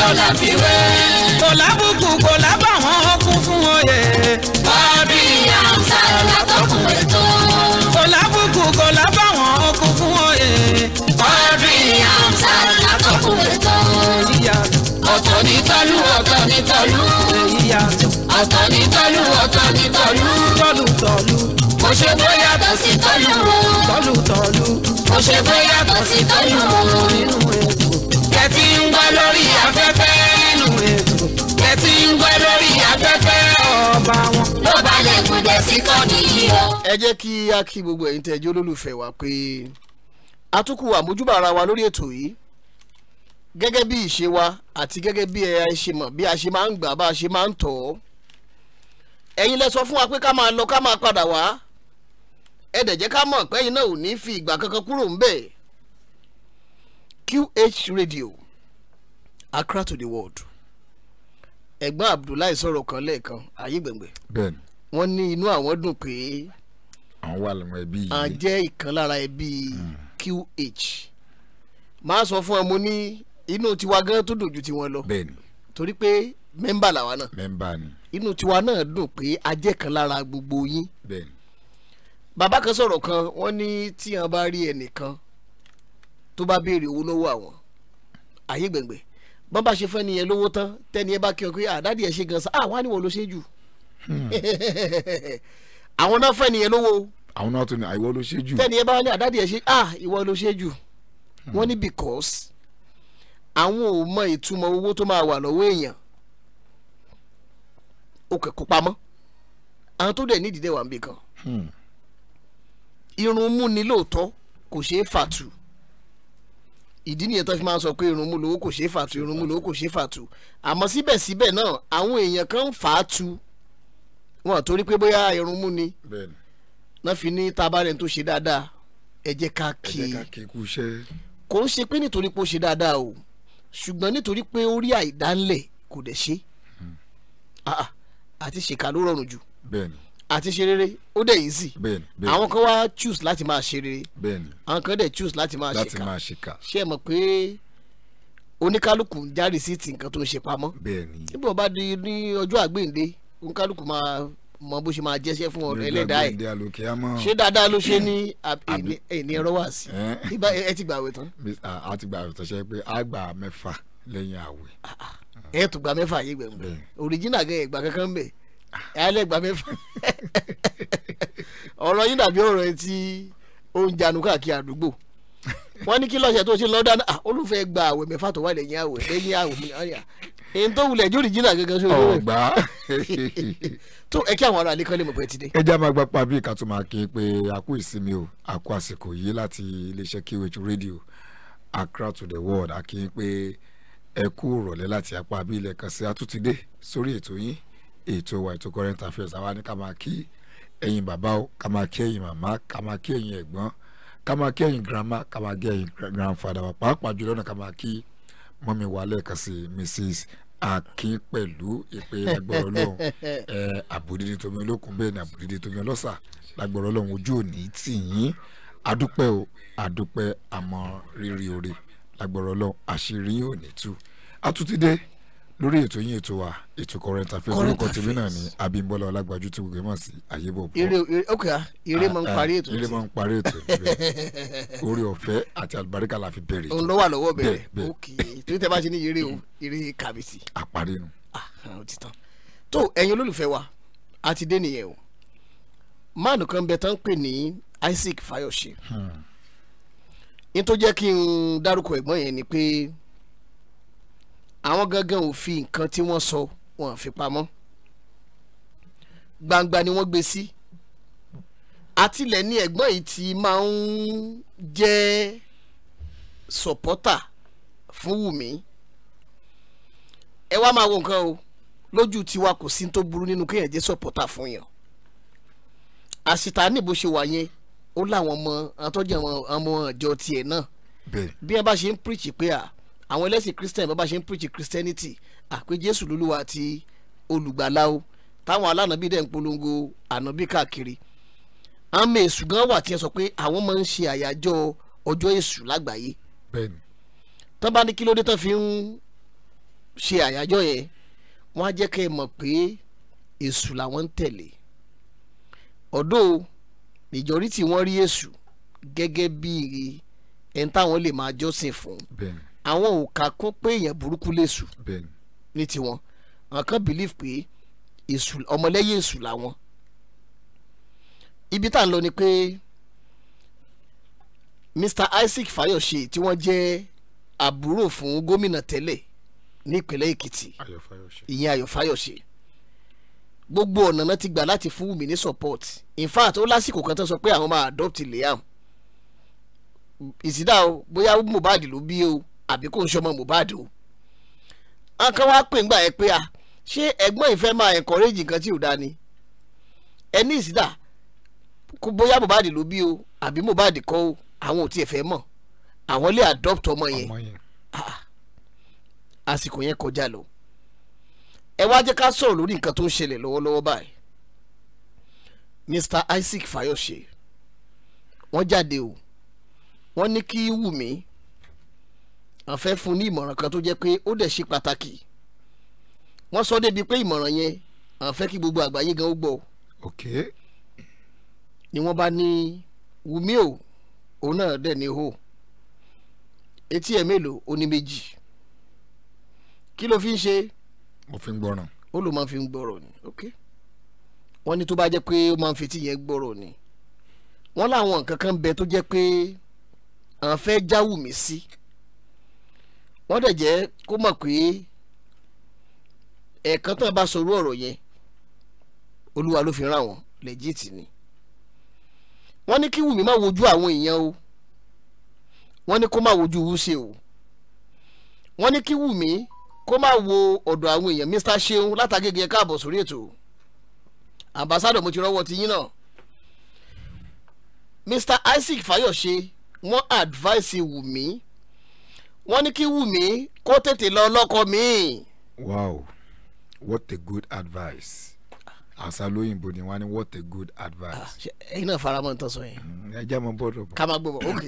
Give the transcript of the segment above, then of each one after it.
lọ́la fi wẹ́. kò lábùkù kò lábà wọ́n kún fún oyè. bọ́ọ̀dì àmsà lọ́la tó kún ètò. kò lábùkù kò lábà wọ́n kún fún oyè. bọ́ọ̀dì àmsà lọ́la tó ètò. ọ̀tọ̀ ní tọ́lú ọ̀tọ̀ ní tọ́lú. ọ̀tọ̀ ní tọ́lú ọ̀tọ̀ ní tọ́lú. tọ́lú tọ́lú ó ṣe tó yàtọ̀ sí tọ́lù mọ́. tọ́lù ó ṣe tó yàtọ̀ sí tọ́lù ẹ ti ń gbọ́ lórí afẹ́fẹ́ ẹ ti ń gbọ́ lórí afẹ́fẹ́ ọba wọn. ló balẹ̀ gùdẹ̀ sí kọ́ni yìí o. ẹ jẹ́ kí a kí gbogbo ẹ̀yin tẹ́jú olólùfẹ́ wa pé atukù àmójúbà ara wa lórí ètò yìí gẹ́gẹ́ bí ìṣe wa àti gẹ́gẹ́ bí ẹ ṣe mọ̀ bí a ṣe máa ń gbà bá a ṣe máa ń tọ̀ ẹ̀yin lẹ sọ fún wa pé ká máa lọ ká máa padà wá ẹ dẹ̀ jẹ́ ká mọ̀ pé iná ò ní fi ìgbà kankan kúrò ń bẹ̀. QH Radio Accra to the world ẹ̀gbọ́n Abdullahi sọ̀rọ̀ kan lẹ́ẹ̀kan ayé gbẹ̀ngbẹ̀ wọ́n ní inú àwọn dùn pé àwọn jẹ́ ìkan lára ẹbí hmm. QH máa sọ fún ẹ mo ní inú tiwa gan tó dùn ju tiwọn lọ torí pé mẹ́mbà làwa náà mẹ́mbà ni inú tiwa náà dùn pé a jẹ́ kan lára gbogbo yín. bẹ́ẹ̀ni bàbá kan sọ̀rọ̀ kan wọ́n ní tí wọ́n bá rí ẹnìkan tó bá béèrè owó lọ́wọ́ àwọn àyè gbẹ̀ngbẹ̀ bọ́n bá ṣe fẹ́ nìyẹn lówó tán tẹ́ni ẹ bá kí ọ pé àdáàdì ẹ̀ ṣe gan sa àwọn àníwọ̀ ló ṣe jù àwọn náà fẹ́ nìyẹn lówó àwọn náà tún ní àìwọ́ ló ṣe jù tẹ́ni ẹ bá wọlé àdáàdì ẹ̀ ṣe ah ìwọ ló ṣe jù hmm. wọ́n ní because àwọn ò mọ ìtumọ̀ owó tó máa wà lọ́wọ́ èèyàn ó kẹ́kọ̀ọ́ pamọ́ àwọn tó dẹ̀ nídìí dẹ̀ wà níbì kan. Hmm irun mú ni lóòótọ́ kò ṣeé fàtú ìdí nìyẹn tó fi máa ń sọ pé irun mú lówó kò ṣeé fàtú irun mú lówó kò ṣeé fàtú àmọ́ síbẹ̀síbẹ̀ náà àwọn èèyàn kan ń fà á tu wọn torí pé bóyá irun mú ni náà fi ní tabarẹ̀ tó ṣe dáadáa ẹ ká kí kò ń ṣe pé nítorí pé ó ṣe dáadáa o ṣùgbọ́n nítorí pé ó rí àìdánlẹ̀ kò dẹ̀ ṣe hmm. àti ṣèkà ló rọrùn jù. bẹ́ẹ̀ni àti ṣe rere ó dẹ̀ easy àwọn kan wá choose láti máa ṣe rere àwọn kan dẹ̀ choose láti máa ṣèkà ṣe é mọ̀ pé oníkálukú ń já rìsíìtì nǹkan tó ń ṣe pamọ́ níbo bá di ní ọjọ́ àgbéǹde oníkálukú máa mọ bó ṣe máa jẹ́ṣẹ́ fún ọ̀rọ̀ ẹlẹ́dàá ẹ̀ ṣé dáadáa ló ṣe ní ẹ̀ní ẹ̀rọ wá sí ẹ ti gbàwé tán. a ti gbàwé tán ṣe pé a gbà mẹ́fà lẹ́yìn àwẹ̀. Ah, ah. ẹ tún gba mẹ́fà yé gbẹ̀ngbẹ̀ original gẹ̀ ẹ̀gbà kankan bẹ̀ ẹ̀yálẹ̀ gbà mí fún ọ̀rọ̀ yín dàbí ọ̀rọ̀ ẹ tí ó ń janu káàkiri àdúgbò wọ́n ní kí lọ́sẹ̀ tó ṣe lọ́dá náà olùfẹ́ gba àwẹ̀ mẹ́fà tó wà lẹ́yìn àwẹ̀ lẹ́yìn àwẹ̀ mi ọ̀yà èyí tó wulẹ̀ jórí jìnnà gẹ́gẹ́ sórí rẹ̀. ọ̀gbá tó ẹ kí àwọn ará alẹ́ mọ̀ pé ti dé. ẹ já máa gba pàbí ìka tó máa kí pé a kú ìsinmi o a kú àsìkò yìí láti iléeṣẹ́ QH radio Accra to the world a kí i pé ẹ kú ìrọ̀lẹ́ láti apá abílẹ̀ kan sí a sórí ètò yín ètò wa ètò current affairs àwa ni ká máa kí ẹ̀yin bàbá o ká máa kí ẹ̀yin màmá ká máa kí ẹ̀yin ẹ̀gbọ́n ká máa kí ẹ̀yin grandma ká máa kí ẹ̀yin grandfather wa pàápàá jùlọ náà ká máa kí mọ́mi wa lẹ́ẹ̀kan sí mrs akin pẹ̀lú ìpè ẹgbọ̀rọ̀ lọ́hùn ẹ̀ àbòdìdì tómi olókùn bẹ́ẹ̀ ni àbòdìdì tómi ọlọ́sà lágbọ̀rọ̀ lọ́hùn ojú òní tì yín adúpẹ́ o adúpẹ́ àmọ́ rírì orí lágbọ̀rọ̀ lọ́hùn àṣírí òní tù àtútídé lórí ètò yín ètò wa ètò current affairs orúkọ tèmi náà ni Abímbọ́lá Ọlágbájú tí gbogbo mọ̀ sí ayébọ̀ bọ́. eré ok ah, eré ah, ah, máa ń parí ètò eré máa ń parí ètò orí ọ̀fẹ́ àti àlùbáríkà la fi bẹ̀rẹ̀. òun lọ́wọ́ àlọ́wọ́ bẹ̀rẹ̀ ok torí tẹ́ bá ti ní eré o eré kàbìsì. àparí nu. tó ẹ̀yin olólùfẹ́ wa a ti dé nìyẹn o máàlù kan bẹ tán pè ní Isaac Fayose hmm. ní tó jẹ́ kí n dárúkọ ẹ̀gbọ́n yẹn ni pé. Hmm àwọn gangan ò fi nǹkan tí wọ́n sọ wọn fi pamọ́ gbangba ni wọ́n gbé sí àtìlẹ̀ ní ẹ̀gbọ́n yìí ti máa ń jẹ́ sọ̀pọ́tà fún Wùmí ẹ wá máa wo nǹkan o lójú tiwa kò sí tó burú nínú kéèyàn jẹ́ sọ̀pọ́tà fún yàn àṣìta níbo ṣe wà yẹn ó láwọn ọmọ àtọ́jú àwọn ọmọ ìjọ tiẹ̀ náà bí ẹ bá ṣe ń píríṣì pé à àwọn ẹlẹ́sìn christian bá ṣe ń preach christianity àpé jésù lolúwa àti olùgbàlà o táwọn alánàbí dẹ̀ ń polongo ànábì káàkiri àmì èṣù gan wà tí ẹ sọ pé àwọn máa ń ṣe àyájọ́ ọjọ́ èṣù lágbàáyé tán bá ní kí ló dé tán fi ń ṣe àyájọ́ yẹn wọ́n á jẹ́ kẹ́ ẹ mọ̀ pé èṣù làwọn ń tẹ̀lé ọ̀dọ́ majority wọ́n rí èṣù gẹ́gẹ́ bíi ẹni táwọn lè máa jọ́sìn fún. bẹ́ẹ̀ni àwọn ò kà kún pé èèyàn burúkú lè sùn ní tiwọn àwọn kan believe pé èṣù ọmọlẹ́yìn èṣù làwọn ibi tá à ń lọ ni pé Mr. Isaac Fayose tí wọ́n jẹ́ àbúrò fún gómìnà tẹ́lẹ̀ ní ìpínlẹ̀ Èkìtì ìyẹn Ayọ̀ Fayose gbogbo ọ̀nà náà ti gbà láti fún Wùmí ní support in fact ó lásìkò kan tó sọ pé àwọn máa adopt Liam ìsídà bóyá Mohbad ló bí o àbí kò ń ṣọmọ Mohbad o nǹkan wá pè ńgbà yẹn pé a ṣé ẹ̀gbọ́n ìfẹ́ máa encourage nǹkan tí ò dá ni ẹni ìsídà kó bóyá Mohbad ló bí o àbí Mohbad kọ́ o àwọn ò tiẹ̀ fẹ́ mọ̀ àwọn lè adopt ọmọ yẹn àsìkò yẹn kọjá lọ ẹ wá jẹ́ ká sọ̀rọ̀ lórí nǹkan tó ń ṣẹlẹ̀ lọ́wọ́lọ́wọ́ báyìí Mr Isaac Fayose wọ́n jáde o wọ́n ní kí Wùmí a fẹ́ fún ní ìmọ̀ràn kan tó jẹ́ pé ó dẹ̀ ṣe pàtàkì wọ́n sọ débi pé ìmọ̀ràn yẹn a fẹ́ kí gbogbo àgbáyé gan ó gbọ́. ok. ni wọ́n bá ní Wùmí o òun náà dẹ̀ ní hó etí ẹ̀ mélòó ó ní méjì kí ló fi ń ṣe. mo fi ń gbọ́ràn. ó ló máa fi ń gbọ́rọ̀ ni ok. wọ́n ní tó bá jẹ́ pé ó máa ń fetí yẹn gbọ́rọ̀ ni wọ́n láwọn nǹkan kan bẹ tó jẹ́ pé àwọn fẹ́ já Wùmí sí. Si wọ́n dẹ̀ jẹ́ kó mọ̀ pé ẹ̀ẹ̀kan tán bá sọ̀rọ̀ ọ̀rọ̀ yẹn olúwa ló fi rán àwọn lẹ́jìtì ni wọ́n ní kí Wùmí má wojú àwọn èèyàn o wọ́n ní kó má wojú Wuse o wọ́n ní kí Wùmí kó má wo ọ̀dọ̀ àwọn èèyàn Mr Ṣeun látàgègè káàbọ̀ sórí ètò ambassador mo ti rọ́wọ́ ti yín náà Mr Isaac Fayose wọ́n advice Wùmí wọ́n ní kí Wùmí kó tètè lọ lọ́kọ míì. wow what a good advice àṣà lóyìnbó ni wọ́n ní what a good advice. Ah, ẹ̀yin náà faramọ́ nǹkan sọ yẹn. Mm, ẹ jẹ́ mọ bọ́ọ̀dọ̀ bọ̀. ká máa gbọ́ bọ̀ ok.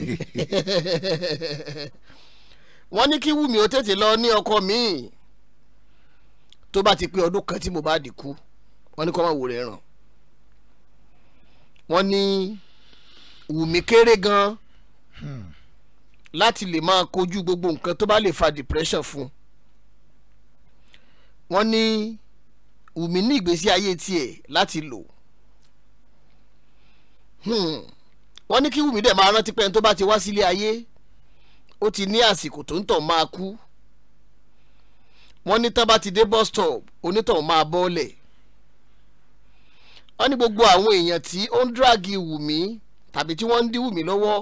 wọ́n ní kí Wùmí ó tètè lọ ní ọkọ míì tó bá ti pé ọdún kan tí mo bá dìkú wọ́n ní kó máa wò rẹ̀ ràn wọ́n ní Wùmí kéré gan-an. Hmm láti lè máa kojú gbogbo nǹkan tó bá lè fa depression fún un wọ́n ní Wùmí ní ìgbésí ayé tiẹ̀ láti lò hmm. wọ́n ní kí Wùmí dẹ̀ máa rántí pẹ́ẹ́n tó bá ti wá sílé ayé ó ti ní àsìkò tó ń tọ̀ máa kú wọ́n ní tá bá ti dé bus stop onítọ̀hún máa bọ́ọ̀lẹ̀ wọ́n ní gbogbo àwọn èèyàn tí ó ń dráàgì Wùmí tàbí tí wọ́n ń dí Wùmí lọ́wọ́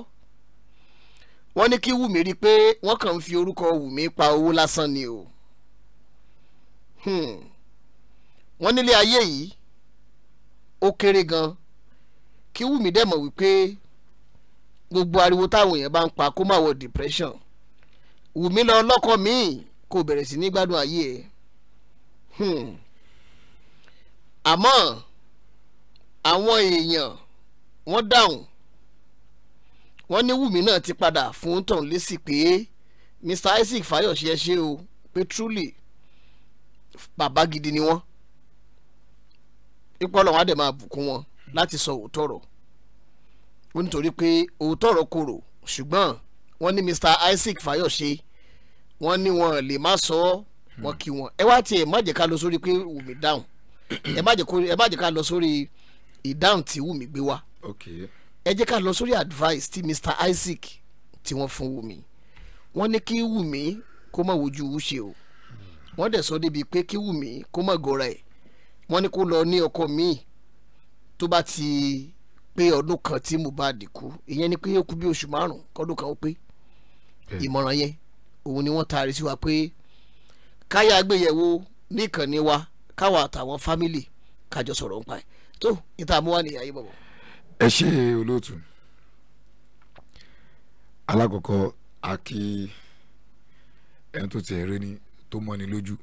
wọ́n ní kí Wùmí rí i pé wọ́n kàn ń fi orúkọ Wùmí pa owó lásán ni o hmm. wọ́n nílé ayé yìí ó kéré gan kí Wùmí dẹ̀ mọ̀ wípé gbogbo ariwo táwọn èèyàn bá ń pa kó má wọ depression Wùmí lọ lọ́kọ míì kó bẹ̀rẹ̀ sí ní gbádùn ayé ẹ̀ hmm. àmọ́ àwọn èèyàn wọ́n dáhùn wọ́n ní Wùmí náà ti padà fún tọ̀hún lésì pé Mr Isaac Fáyọ̀ṣe ẹ ṣé o pé truly bàbá gidi ni wọ́n ipò ọlọ́run á dẹ̀ máa bùkún wọn láti sọ òótọ́ ọ̀rọ̀ ó nítorí pé òótọ́ ọ̀rọ̀ korò ṣùgbọ́n wọ́n ní Mr Isaac Fáyọ̀ṣe wọ́n ní wọn lè má sọ wọn kí wọn ẹ wá tiẹ̀ má jẹ́ ká lọ sórí pé Wùmí dáhùn ẹ má jẹ́ ká lọ sórí ìdáhùn tí Wùmí gbé wá. Okay ẹ jẹ́ ká lọ sórí advice ti Mr Isaac tí wọ́n fún Wùmí wọ́n ní kí Wùmí kó má wojú Wúṣe o wọ́n dẹ̀ sọ débi pé kí Wùmí kó má gọra ẹ̀ wọ́n ní kó lọ ní ọkọ míì tó bá ti pé ọdún kan tí Mohbad kú ìyẹn ni pé ó kú bí oṣù márùn kọ́dún kan ó pé ìmọ̀ràn yẹn òun ni wọ́n taari sí wa pé káyà gbéyẹ̀wò níkànnì wa káwa àtàwọn fámìlì kájọ sọ̀rọ̀ ń pa ẹ̀ tó níta mú wá nìyá yìí bọ̀bọ̀ ẹ ṣe olóòtú alákọ̀ọ́kọ́ a kí ẹni tó ti ẹ̀rẹ́ ni tó mọ́ni lójú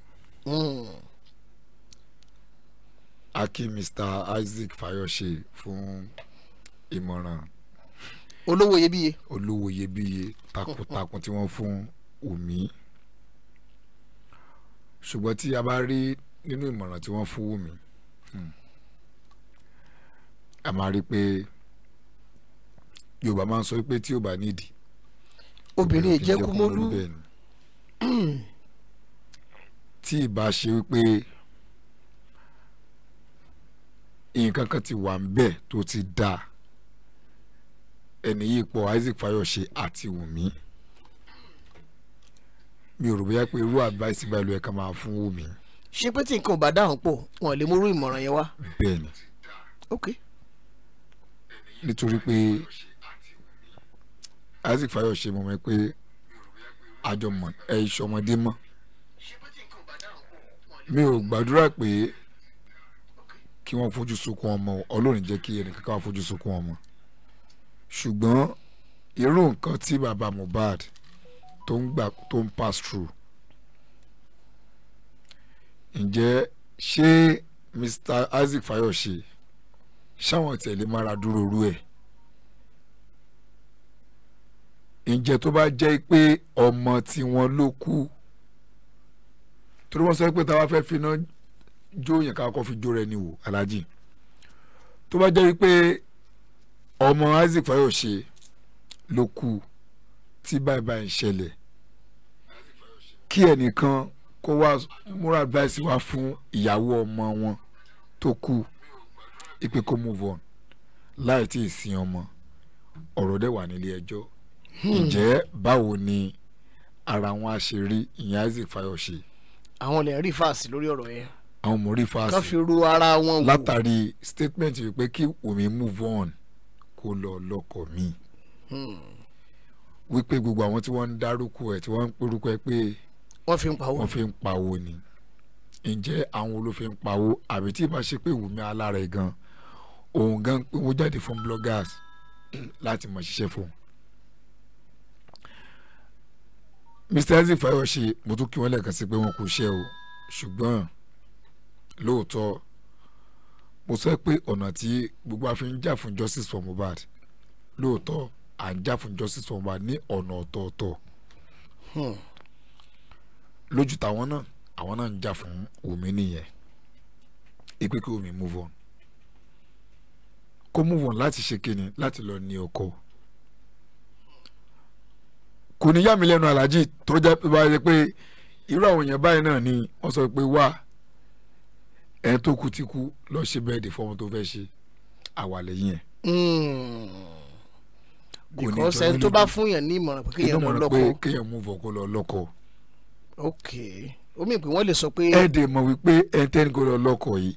a Mr. Isaac Fayose fún ìmọ̀ràn olówó iyebíye olówó iyebíye takuntakun tí wọ́n fún Wùmí ṣùgbọ́n tí a bá rí nínú ìmọ̀ràn tí wọ́n fún Wùmí. Hmm a máa rí i pé Yorùbá máa ń sọ pé tí ò bá nídìí. obìnrin ìjẹkùmọ́lú tí ìbá ṣe wípé nǹkan kan ti wà ń bẹ̀ tó ti dà ẹni yìí pọ̀ Isaac Fayose àti Wùmí mi ò rò bóyá pé irú advice báyìí ló yẹ ká máa fún Wùmí. ṣé pé tí nǹkan ò bá dáhùn pọ̀ wọn lè mú irú ìmọ̀ràn yẹn wá. bẹ́ẹ̀ni. okay nítorí pé Isaac Fayose mo mọ̀ pé àjọmọ̀ ẹ̀ ìṣọmọdé mọ́ mi ò gbàdúrà pé kí wọ́n fojú sunkún ọmọ Ọlọ́run jẹ́ kí ẹnì kankan fojú sunkún ọmọ ṣùgbọ́n irú nǹkan tí bàbá Mohbad tó ń gbà tó ń pass through ǹjẹ́ ṣé Mr Isaac Fayose ṣáwọn tẹ̀lé mara dúró rú ẹ̀ ǹjẹ́ tó bá jẹ́ pé ọmọ tí wọ́n ló kú torí wọ́n sọ pé táwa fẹ́ finá jóyìn ká kọ́ fi jó rẹ ni wò aláàjì tó bá jẹ́ pé ọmọ Isaac Fayose ló kú tí bàbá ń ṣẹlẹ̀ kí ẹnìkan kó wá múra advice wá fún ìyàwó ọmọ wọn tó kú ipe kó move on láì tí ì sin ọmọ ọ̀rọ̀ dẹ̀ wà nílé ẹjọ́ hmm. ǹjẹ́ báwo ni ara wọn a ṣe rí ìyẹn Isaac Fayose. àwọn lè rí fàásì lórí ọ̀rọ̀ yẹn. àwọn mò ń rí fàásì. ká fi ru ara wọn wò. látàrí statement wípé kí Wùmí move on kó lọ lọ́kọ mi. Hmm. wípé gbogbo àwọn tí wọ́n ń dárúkọ ẹ̀ tí wọ́n ń pérúkọ ẹ̀ pé. wọ́n fi ń pawó. wọ́n fi ń pawó ni. ǹjẹ́ àwọn olófin pawó àbí tí ì bá ṣe pé Wùmí alára ẹ̀ gan-an òun gan owó jáde fún bloggers láti mọ̀ ṣiṣẹ́ fún un. Mr. Isaac Fayose mo tún kí wọ́n lẹ́ẹ̀kan sí pé wọn kò ṣe o ṣùgbọ́n lóòótọ́ mo sọ pé ọ̀nà tí gbogbo a fi ń jà fún justice for Mohbad lóòótọ́ à ń jà fún justice for Mohbad ní ọ̀nà ọ̀tọ̀ọ̀tọ̀ hmm. lójú tàwọn náà àwọn náà ń jà fún Wùmí nìyẹn ìpè kí Wùmí move on kó mú wọn láti ṣe kíni láti lọ ní oko kò ní yà mí lẹ́nu aláàjì tó jẹ́ pé bá yẹ pé irú àwọn èèyàn báyìí náà ni wọ́n sọ pé wá ẹ tó kú ti kú lọ ṣe bẹ́ẹ̀dì fọ́ọ̀mù tó fẹ́ ṣe àwàlẹ̀ yẹn. Hmm. kò ní tọ́ ẹni tó bá fún yàn ní ìmọ̀ràn pé kéèyàn lọ lọ́kọ. pé kéèyàn mú vọ̀kọ́ lọ lọ́kọ. ok omi ìpè wọ́n lè sọ pé. ẹ dè mọ̀ wípé ẹ tẹ́ni kó lọ lọ́kọ yìí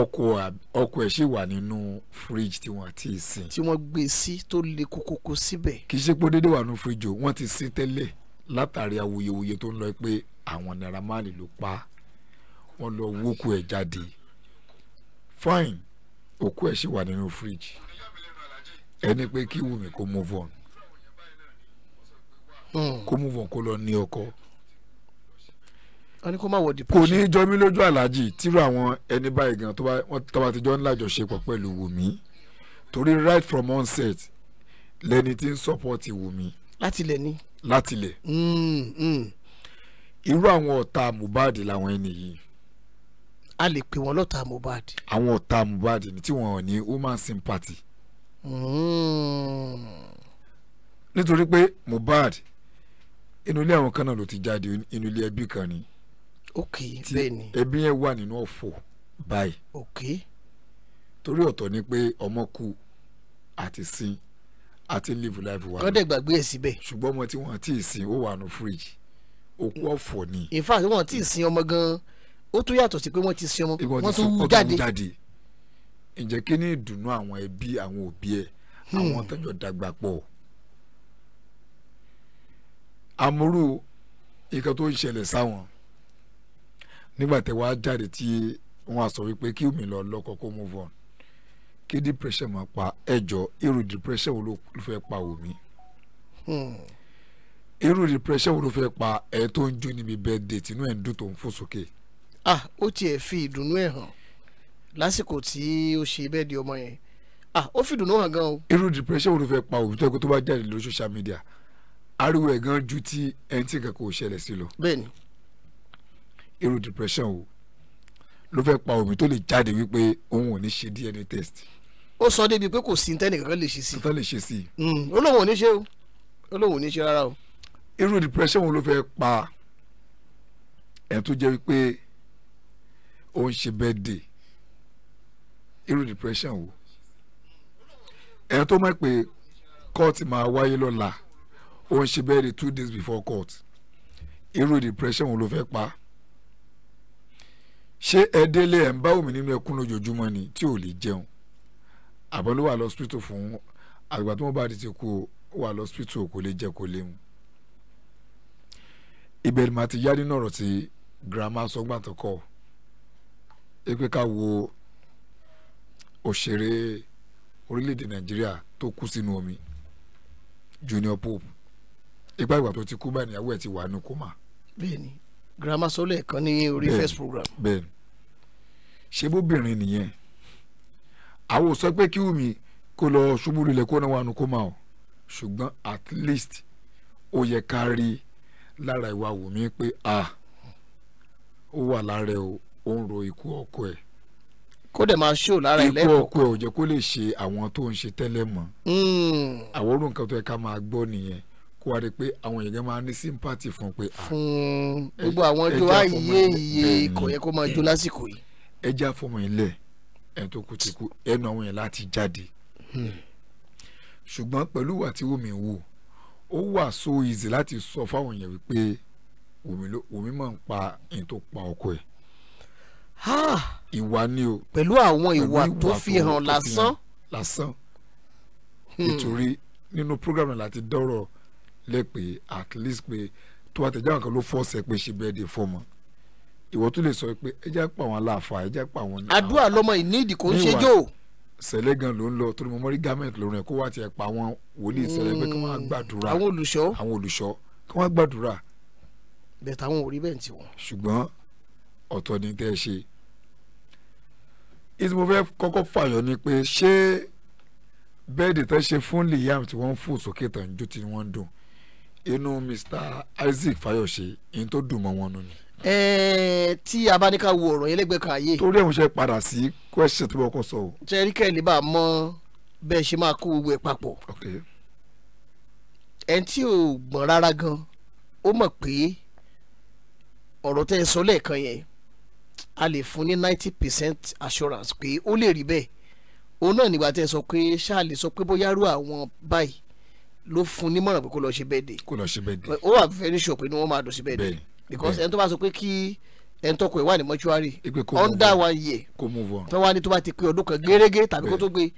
ọkọ ẹ ṣì wà nínú fridge tí wọ́n ti sìn. tí wọ́n gbé sí tó le kókókó síbẹ̀. kì í ṣe pé dédé wà nínú fridge o wọ́n ti sin tẹ́lẹ̀ látàrí awuyewuye tó ń lọ pé àwọn Naira Marley ló pa wọ́n lọ wókù ẹ̀ jáde fine òkú ẹ̀ ṣì wà nínú fridge ẹni pé kí Wùmí kó move on hmm. kó move on kó lọ ní ọkọ wọ́n ní kó má wọ depression. kò ní í jọ mí lójú aláàjì tírú àwọn ẹni báyìí gan tó bá ti jọ ńlá àjọṣepọ̀ pẹ̀lú Wùmí torí right from onset lẹni tí ń support Wùmí. láti ni. láti lẹ. Mm, mm. irú àwọn ọ̀tá Mohbad làwọn ẹni yìí. a lè pè wọ́n lọ́tà Mohbad. àwọn ọ̀tá Mohbad ni tí wọ́n ní human sympathy. Mm. nítorí pé Mohbad inú ilé àwọn kan náà ló ti jáde inú ilé ẹbí kan ni. Mm ok bẹ́ẹ̀ ni ẹbí yẹn wà nínú ọ̀fọ̀ báyìí ok torí ọ̀tọ̀ ni pé ọmọ kú àti sin àti live life wa. kọ́dẹ̀ gbàgbé ẹ̀ síbẹ̀. ṣùgbọ́n ọmọ tí wọ́n ti sin ó wà nù fíríjì òkú ọ̀fọ̀ ni. in fact wọ́n ti sin ọmọ gan-an ó tún yàtọ̀ sí pé wọ́n ti sin ọmọ wọ́n tún mú jáde. ǹjẹ́ kí ni ìdùnnú àwọn ẹbí àwọn òbí ẹ̀ àwọn hmm. tọ́jọ dàgbà pọ̀ àmúrú nǹkan tó ń ṣẹlẹ̀ sáwọn nígbà tẹ wá jáde tí wọ́n á sọ wípé kí omi lọ lọ́kọ kó move on kí depression máa pa ẹjọ́ irú depression wo ló fẹ́ pa omi hmm. irú depression wo ló fẹ́ pa ẹ tó ń jó níbi birthday tínú ẹ̀ ń dùn tó ń fò sókè. ah ó tiẹ̀ fi ìdùnnú ẹ̀ hàn lásìkò tí ó ṣe bẹ́ẹ̀ di ọmọ yẹn ah ó fi ìdùnnú hàn gan o. irú depression wo ló fẹ́ pa òun tó ẹ kó tó bá jáde lórí social media ariwo ẹ̀ gan ju ti ẹni tí nǹkan kò ṣẹlẹ̀ sí lọ. bẹ́ẹ̀ni irú depression o ló fẹ́ pa omi tó lè jáde wípé òun ò ní ṣe DNA test. ó sọ débi pé kò sí ntẹ́nì kankan lè ṣe sí i. kankan lè ṣe sí i. olóhùn hmm, ò ní ṣe o olóhùn ò ní ṣe rárá o. irú depression wo ló fẹ́ pa ẹ̀ tó jẹ́ wípé ó ń ṣe birthday irú depression wo ẹ̀ tó mọ̀ pé court máa wáyé lọ́la ó ń ṣe birthday two days before court irú depression wo ló fẹ́ pa ṣé ẹ délé ẹ̀ ń bá omi nínú ẹkún lójoojúmọ́ ni tí ò lè jẹun àbọ̀ ló wà lọ́sítítù fún àgbà tó wọ́n bá ti kú ó wà lọ́sítítù kò lè jẹ kò lè ìbẹ̀rù màá ti yá nínú ọ̀rọ̀ tí girama sọgbà tó kọ́ ẹ pé ká wo òṣèré orílẹ̀-èdè nàìjíríà tó kú sínú omi Junior Pope ipa ìgbà tó ti kú báyìí ìyàwó ẹ̀ ti wà ní kómà. bẹ́ẹ̀ni girama sọlẹ kan ní orí first program. bẹ́ẹ̀ni ṣe bóbìnrin nìyẹn àwọn ò sọ pé kí Wùmí kó lọ ṣubú lulẹ̀ kó náà wà kó máa o ṣùgbọ́n at least ó yẹ ká rí lára ìwà Wùmí pé a ó wà lára o ó ń ro ikú ọkọ ẹ̀ kó dẹ̀ máa ṣó lára ẹlẹ́kọ̀ọ́. ikú ọkọ ẹ̀ ò jẹ́ kó lè ṣe àwọn tó ń ṣe tẹ́lẹ̀ mọ́. Hmm. àwọn orun nǹkan tó yẹ ká máa gbọ́ nìyẹn kó wá rí i pé àwọn èèyàn máa ní sympathy fún un pé. fún gbogbo àwọn ọjọ́ ayé iye kò yẹ kó máa jó lásìkò yìí ẹjẹ afọmọ ilẹ ẹni tó kú ti kú ẹnu àwọn yẹn láti jáde hmm. ṣùgbọ́n pẹ̀lú wà tí Wùmí wò ó wà so easy láti sọ fáwọn yẹn wípé Wùmí máa ń pa ẹni tó pa ọkọ ẹ̀ ìwà ni o pẹ̀lú àwọn ìwà tó fi hàn lásán lásán hmm. nítorí nínú program náà láti dọ́rọ̀ lẹ́pẹ́ at least pé tó àtẹ̀jáwọ̀ kan ló fọ́ ọ̀sẹ̀ pé ṣe bẹ́ẹ̀ dé fọ́mọ ìwọ tún lè sọ pé ẹ jẹ́ pa àwọn aláàfáà ẹ jẹ́ pa àwọn. àdúrà lọmọ ìnídìí kò ń ṣe jò. sẹlẹ gan ló ń lọ torí mo mọ rí gámẹǹtì lọ́rùn ẹ kó wá tiẹ̀ pa àwọn wòlíì sẹlẹ pé kí wọn mm. gbàdúrà àwọn olùṣọ́ àwọn olùṣọ́ kí wọn gbàdúrà. bẹ́ẹ̀ táwọn ò rí bẹ́ẹ̀ ti wọn. ṣùgbọ́n ni tẹ́ ẹ ṣe ìsìn mo fẹ́ kọ́kọ́ fàyọ ni pé ṣé bẹ́ẹ̀dì tẹ́ ṣe fún Liam tí wọ́n fò sókè tán ju tí wọ́n dùn inú Mr Isaac Fayose ìyẹn tó dùn mọ́ wọn nù ni tí a bá ní ká wo ọ̀rọ̀ yẹn lẹ́gbẹ̀ẹ́ kan àyè. torí ẹ̀ ń ṣe padà sí question tí mo kàn sọ o. ṣe rí bá mọ bẹ́ẹ̀ ṣe máa kó gbogbo ẹ̀ papọ̀. ẹni tí ò gbọ́n rárá gan ó mọ̀ pé ọ̀rọ̀ tẹ́ ẹ sọ lẹ́ẹ̀kan yẹn a lè fún ní ninety percent assurance pé ó lè rí bẹ́ẹ̀ òun náà nígbà tẹ́ ẹ sọ pé ṣáà lè sọ pé bóyá rú àwọn báyìí ló fún nímọ̀ràn pé kó lọ ṣe bẹ́ẹ̀ dé. kó lọ ṣe bẹ́ẹ̀ dé. ó wà very sure pé ni wọ́n máa dùn sí bẹ́ẹ̀ dé. bẹ́ẹ̀ because ẹni tó bá sọ pé kí ẹni tó kọ ẹ wà ní mọ́ṣúárì under one year tó wá ní tó bá ti pé ọdún kan gẹ́gẹ́ tàbí kó tó gbé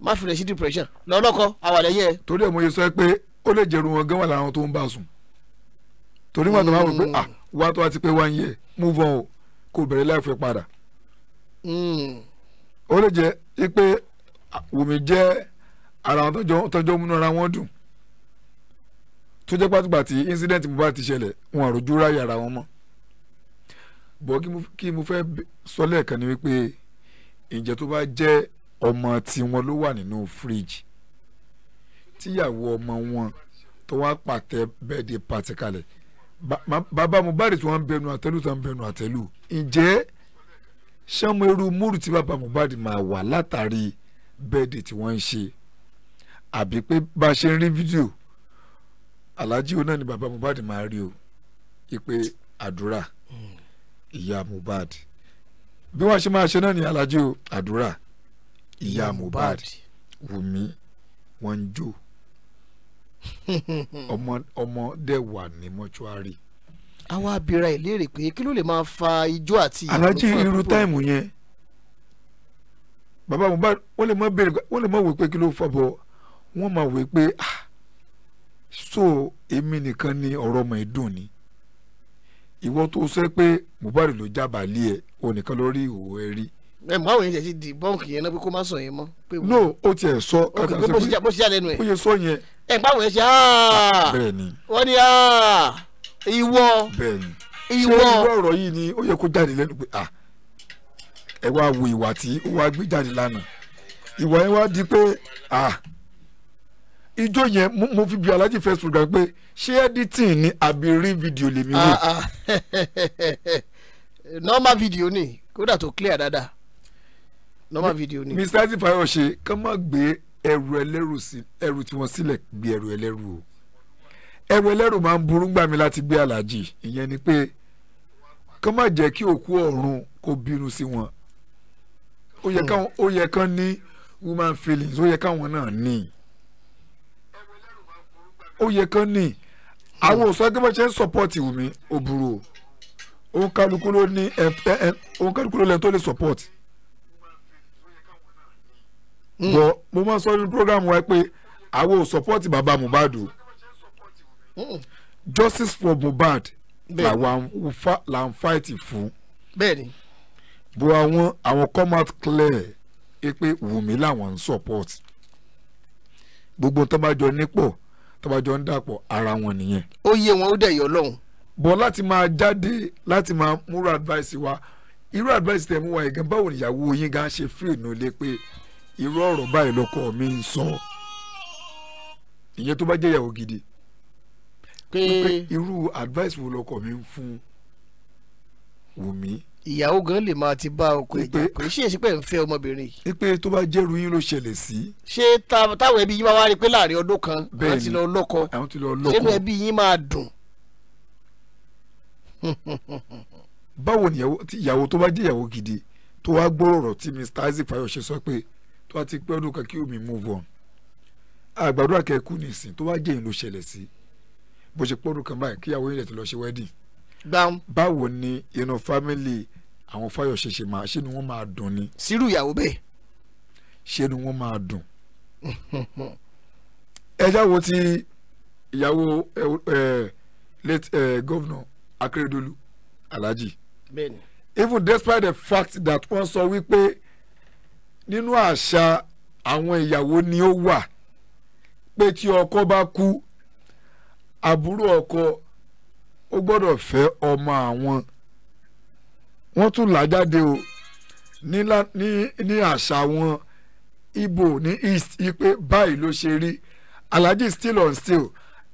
má fi rẹ̀ sí depression lọ́lọ́kọ́ àwàlẹ̀ yẹ. torí ẹ̀ mo yẹ sọ pé ó lè jẹ̀rù wọn gan wà láwọn tó ń bá sùn torí wọn tó máa wọ pé mm. ah wá tó wá ti pé one year move on o kò bẹ̀rẹ̀ láìfẹ́ padà. Mm. ó lè jẹ́ pé ah, Wùmí jẹ́ ara wọn tọ́jọ́ múnú ara wọn dùn tó jẹ́ pàtùgbà tí incident bó bá ti ṣẹlẹ̀ wọn àròjú ráyè ara wọn mọ́ bọ́ kí mo fẹ́ sọ lẹ́ẹ̀kan ni wípé ǹjẹ́ tó bá jẹ́ ọmọ tiwọn ló wà nínú fíríjì tíyàwó ọmọ wọn tó wá pàtẹ bẹ́ẹ̀dẹ̀ pàtẹ kalẹ̀ bàbá Mohbad tí wọ́n ń bẹnu àtẹ́lù tí wọ́n ń bẹnu àtẹ́lù ǹjẹ́ sọmọ irú múrù tí bàbá Mohbad máa wà látàrí bẹ́ẹ̀dẹ̀ tí wọ́n ń ṣe àbí pé bá a ṣe ń rí fídíò alhaji onáà ni baba Mohbad máa rí o ìpè àdúrà ìyá Mohbad bí wọ́n ṣe máa ṣe náà ni alhaji o àdúrà ìyá Mohbad Wùmí wọ́n ń jó ọmọ ọmọ dẹ̀ wà ní mọ́ṣúárì. àwa abira ìlérè pé kí ló lè máa fa ijó àti ìyàwó fún àkókò. alhaji irú táìmù yẹn bàbá Mohbad wọ́n lè mọ wò kí ló fọ́ bọ̀ wọ́n máa wò ah so èmi nìkan ni ọ̀rọ̀ ọmọ ìdùn ni ìwọ tó sẹ pé Mohbad ló jábàálẹ̀ ẹ onìkan ló rí ìhòòhò ẹ rí. ẹ mọ àwọn èèyàn ti di bọ́ǹkì yẹn náà pé kó má sọ yẹn mọ́. no ó tiẹ̀ sọ kàkà sọ pé bó ṣe já lẹ́nu ẹ̀ bó ṣe sọ yẹn. ẹ pa àwọn ẹ ṣe aaa wọ́n ní aaa ìwọ ìwọ ṣé irú ọ̀rọ̀ yìí ni ó yẹ kó jáde lẹ́nu pé ah ẹ wá wo ìwà tí ó wá gbé jáde lánàá ìwà yẹn wá di pé ah ijó yẹn mo fi bi alhaji first program pé ṣé editing ni àbí rí fídíò lèmi wò. Ah, ah. normal video ni kódà tó clear dáadáa normal video ni. mr azi fayose kàn má gbé ẹrù ẹlẹ́rù sí ẹrù tí wọ́n sílẹ̀ gbé ẹrù ẹlẹ́rù o ẹrù ẹlẹ́rù máa ń burú gbà mí láti gbé alhaji ìyẹn ni pé kàn má jẹ́ kí òkú ọ̀run kó bínú sí wọn ó yẹ hmm. kán ní woman feelings ó yẹ káwọn náà ní oyè kan ní àwọn ò sọ pé wọ́n ṣe ń support Wùmí ó burú o òun kálukú ló ní ẹ ẹ òun kálukú ló lẹ́nu tó lè support. bọ̀ mo máa sọ nínú program wa pé àwọn ò support bàbá Mohbad o justice for Mohbad là ń fight fún. bẹ́ẹ̀ni. àwọn àwọn come out clear pé Wùmí làwọn ń support gbogbo tó bá jọ nípò tọ́bajọ́ ń dàpọ̀ ara wọn nìyẹn. ó yé wọn ó dẹ̀ yọ lọ́hùn. bọ̀ láti máa jáde láti máa múrò advice wa irú advice tẹ̀ mú wa yìí gan báwo nìyàwó yín gan ṣe fíìl nù lé pé irú ọ̀rọ̀ báyìí lọ́kọ mi ń sọ ìyẹn tó bá jẹ́ ìyàwó gidi pé irú advice wo lọ́kọ mi ń fún Wùmí ìyàwó gan lè máa ti bá ọkọ ẹ̀ jà pé ṣé èsì pé ń fẹ́ ọmọbìnrin yìí. ipe tó bá jẹ́rù yín ló ṣẹlẹ̀ sí. ṣé táwọn ẹbí yín bá wá rí i pé láàrin ọdún kan àwọn ti lọ lọ́kọ sínú ẹbí yín máa dùn. báwo ni ìyàwó tó bá jẹ́ ìyàwó gidi tó wá gbọ́rọ̀ ọ̀rọ̀ tí Mr Isaac Fayose sọ pé tó bá ti pẹ́ ọdún kan kí omi move on àgbàdo àkẹ́kù nìsín tó bá jẹ́ ìyìn ló ṣẹlẹ̀ sí bó ṣe pọ́ ọdún kan báyìí kíyàwó yín lè ti lọ wedding gbam. báwo ni inú fámìlì àwọn Fáyọ̀ṣe ṣe máa ṣé ni wọ́n máa dùn ni. sírù ìyàwó bẹ́ẹ̀. ṣé ni wọ́n máa dùn. ẹ jáwo ti ìyàwó late governor Akérédolú Alhaji. bẹ́ẹ̀ni. even despite the fact that wọ́n sọ wípé nínú àṣà àwọn ìyàwó ni ó wà pé tí ọkọ bá kú àbúrò ọkọ ó gbọ́dọ̀ fẹ́ ọmọ àwọn wọ́n tún là jáde o ní ní àṣà wọn Ibo, ní east ipe báyìí ló ṣe rí alhaji still on still